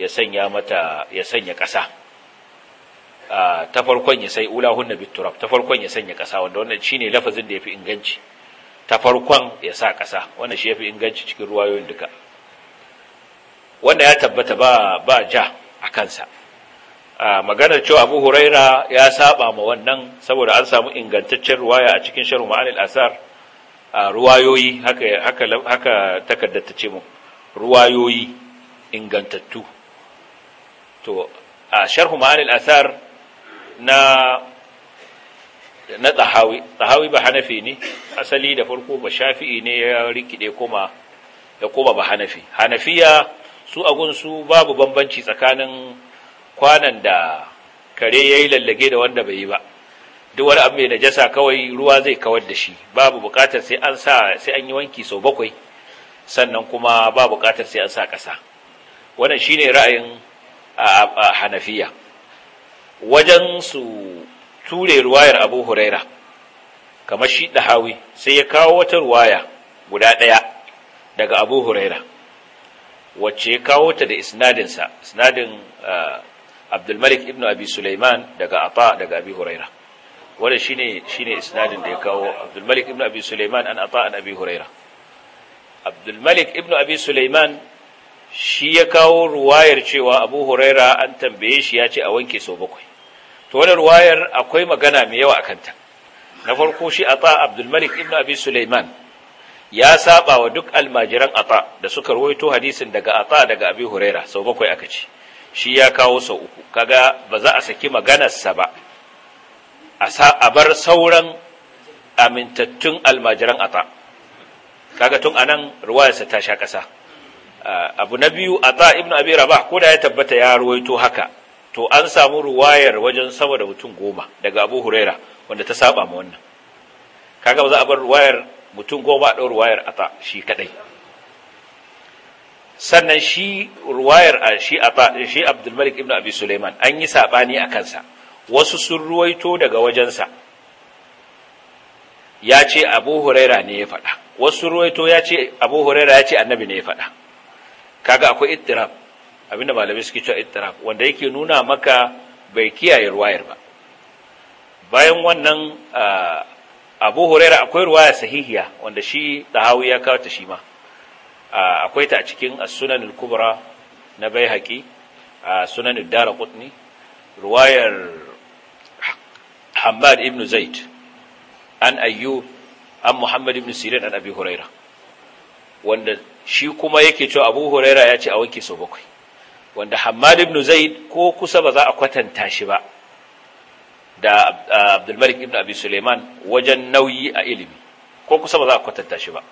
ya sanya mata ya sanya ƙasa ta farkon ya sai ulahun na bitturab ta farkon ya sanya ƙasa wanda wannan shi shine lafazin da ya fi inganci ta farkon ya sa ƙasa wannan shi ya fi inganci cikin ruwayoyin duka wanda ya tabbata ba ba ja a kansa A maganar cewa abu huraira ya saba ma wannan saboda an samu ingantaccen ruwaya a cikin sharhu ma'anil asar ruwayoyi haka haka haka takaddata ce mu ruwayoyi ingantattu to a sharhu ma'anil asar na na tsahawi tsahawi ba hanafi ne asali da farko ba shafi'i ne ya rikide kuma ya koma ba hanafi hanafiya su agunsu gunsu babu bambanci tsakanin kwanan da kare ya yi lallage da wanda bai yi ba duk wani abu mai najasa kawai ruwa zai kawar da shi babu bukatar sai an sa sai an yi wanki sau bakwai sannan kuma ba bukatar sai an sa ƙasa wannan shi ne ra'ayin hanafiya wajen su ture ruwayar abu huraira kamar shi hawi sai ya kawo wata ruwaya guda ɗaya daga abu huraira wacce ya kawo ta da isnadinsa isnadin abdulmalik ibn abi sulaiman daga ata daga abi huraira wanda shine shine isnadin da ya kawo abdulmalik ibn abi sulaiman an ata an abi huraira abdulmalik ibn abi sulaiman shi ya kawo ruwayar cewa abu huraira an tambaye shi ya ce a wanke sau bakwai to wannan ruwayar akwai magana mai yawa akan ta na farko shi ata abdulmalik ibn abi sulaiman ya saba wa duk almajiran ata da suka rawaito hadisin daga ata daga abi huraira sau bakwai aka ce shi ya kawo sau uku kaga ba za a saki maganarsa ba a bar sauran amintattun almajiran ata kaga tun anan ruwayarsa ta sha ƙasa abu na biyu ata ibn abi rabah ko da ya tabbata ya ruwaito haka to an samu ruwayar wajen sama da mutum goma daga abu huraira wanda ta saba ma wannan kaga ba za a bar ruwayar mutum goma ɗau ruwayar ata shi kaɗai? sannan shi ruwayar a shi shi Abdulmalik ibn Abi Sulaiman an yi saɓani a kansa wasu sun ruwaito daga wajensa ya ce Abu Huraira ne ya faɗa wasu ruwaito ya ce Abu Huraira ya ce Annabi ne ya faɗa kaga akwai ittirab abinda malami suke cewa ittirab wanda yake nuna maka bai kiyaye ruwayar ba bayan wannan Abu Huraira akwai ruwaya sahihiya wanda shi Tahawi ya kawo shi ma akwai ta a cikin as-sunan kubra na a sunan ad-darqutni ruwayar hamad ibn zaid an ayyub an muhammad ibn sirin an abi huraira wanda shi kuma yake cewa abu huraira ya ce a wanke sau bakwai wanda hamad ibn zaid ko kusa ba za a kwatanta shi ba da abdulmalik ibn abi suleiman wajen nauyi a ilimi ko kusa ba za a kwatanta shi ba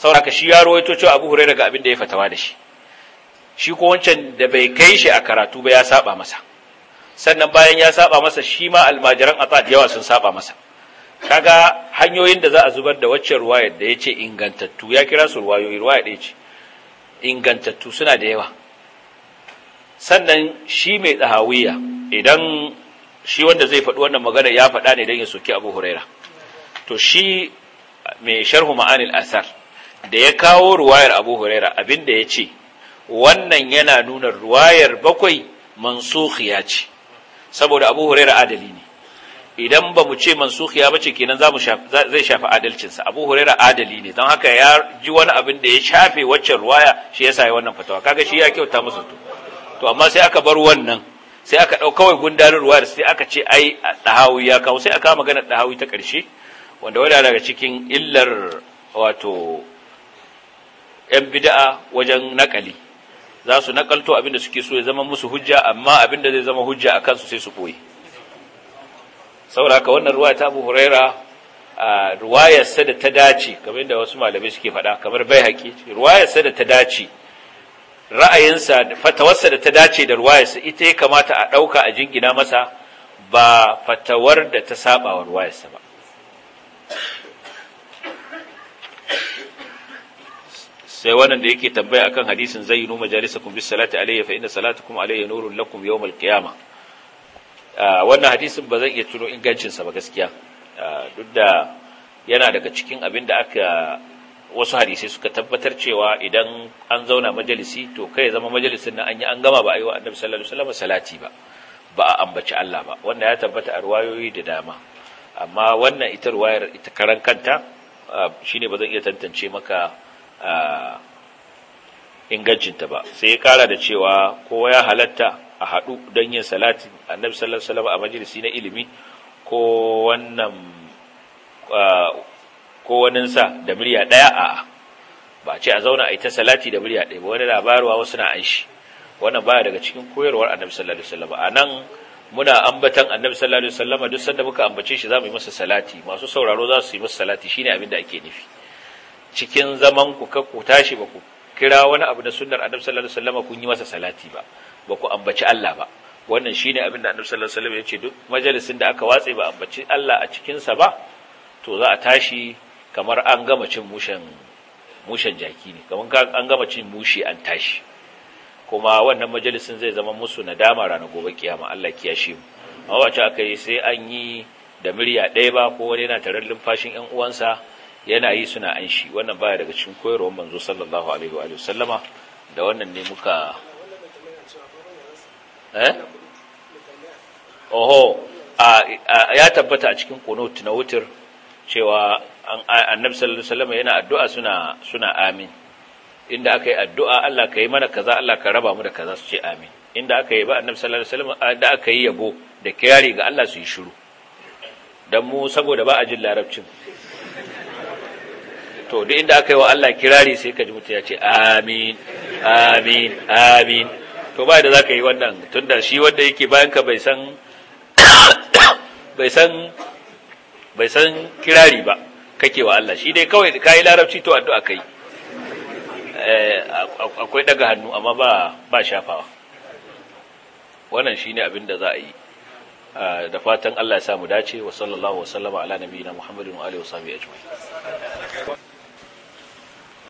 ka shi ya rawaito cewa abu huraira ga abin da ya fatawa da shi shi ko wancan da bai kai shi a karatu ba ya saba masa sannan bayan ya saba masa shi ma almajiran a yawa sun saba masa kaga hanyoyin da za a zubar da waccan ruwayar da ya ce ingantattu ya kira su ruwayoyi ruwaya ya ce ingantattu suna da yawa sannan shi mai tsahawiya idan shi wanda zai faɗi wannan magana ya faɗa ne don ya soki abu huraira to shi mai sharhu ma'anil asar da ya kawo ruwayar abu huraira da ya ce wannan yana nuna ruwayar bakwai mansukhiya ce saboda abu huraira adali ne idan ba mu ce mansukhiya ba ce kenan zai shafi adalcinsa abu huraira adali ne don haka ya ji wani abin da ya shafe waccan ruwaya shi ya sayi wannan fatawa kaga shi ya kyauta musu to to amma sai aka bar wannan sai aka ɗau kawai gundarin ruwayar sai aka ce ai ɗahawi ya kawo sai aka magana ɗahawi ta ƙarshe wanda wadda daga cikin illar wato ‘yan bida'a wajen nakali za su nakalto abinda suke so ya zama musu hujja amma abinda zai zama hujja a kansu sai su ɓoye sauraka wannan ruwa ta abu huraira a ruwayarsa da ta dace kamar da wasu malamai suke faɗa kamar bai haƙi ruwayarsa da ta dace ra'ayinsa fatawarsa da ta dace da ruwayarsa ita ya kamata a ɗauka a jingina masa ba fatawar da ta saba wa ruwayarsa ba sai wannan da yake tambaya akan hadisin zai zayyinu majalisakum bis salati alayya fa inna salatukum alayya nurun lakum yawm al wannan hadisin ba zan iya tuno ingancin sa ba gaskiya duk da yana daga cikin abin da aka wasu hadisai suka tabbatar cewa idan an zauna majalisi to kai zama majalisin nan an yi an gama ba a yi wa annabi sallallahu alaihi wasallam salati ba ba a ambaci Allah ba wannan ya tabbata a ruwayoyi da dama amma wannan ita ruwayar ita karan kanta shine ba iya tantance maka Uh, ingancinta ba sai ya kara da cewa kowa ya halatta a haɗu don yin salati annabi sallallahu alaihi wasallam a majalisi na ilimi ko wannan uh, ko waninsa da murya ɗaya a ba ce a zauna a yi ta salati da murya ɗaya ba wani labarwa wasu na an shi wannan baya daga cikin koyarwar annabi sallallahu alaihi wasallam a nan muna ambatan annabi sallallahu alaihi wasallam duk sanda muka ambace shi za mu yi masa salati masu sauraro za su yi masa salati shine abin da ake nufi cikin zaman ku ka ku tashi ba ku kira wani abu na sunnar annabi sallallahu alaihi wasallam kun yi masa salati ba ba ku ambaci Allah ba wannan shine abin da annabi sallallahu alaihi wasallam ya ce duk majalisin da aka watse ba ambaci Allah a cikin sa ba to za a tashi kamar an gama cin mushen mushen jaki ne kamar an gama cin mushi an tashi kuma wannan majalisin zai zama musu nadama ranar gobe kiyama Allah kiyashe mu Amma wace aka yi sai an yi da murya ɗaya ba ko wani yana tarar limfashin ƴan uwansa yana yi suna an shi wannan baya daga cikin koyarwar manzo sallallahu alaihi wa sallama da wannan ne muka eh oho ya tabbata a cikin qunut na wutar cewa annabi sallallahu alaihi sallama yana addu'a suna suna amin inda aka yi addu'a Allah ka yi mana kaza Allah ka raba mu da kaza su ce amin inda aka yi ba annabi sallallahu alaihi sallama da aka yi yabo da kiyari ga Allah su yi shiru dan mu saboda ba a jin larabcin to duk inda aka yi wa Allah kirari sai ka ji mutum ya ce amin amin amin to ba da za ka yi wannan tunda shi wanda yake bayan ka bai san bai san bai san kirari ba kake wa Allah shi dai kawai ka yi larabci to addu'a kai eh, akwai daga hannu amma ba ba shafawa wannan shine abin da za a yi ah, da fatan Allah ya samu dace wa sallallahu wa sallama ala nabiyina Muhammadin wa alihi wa sahbihi ajma'in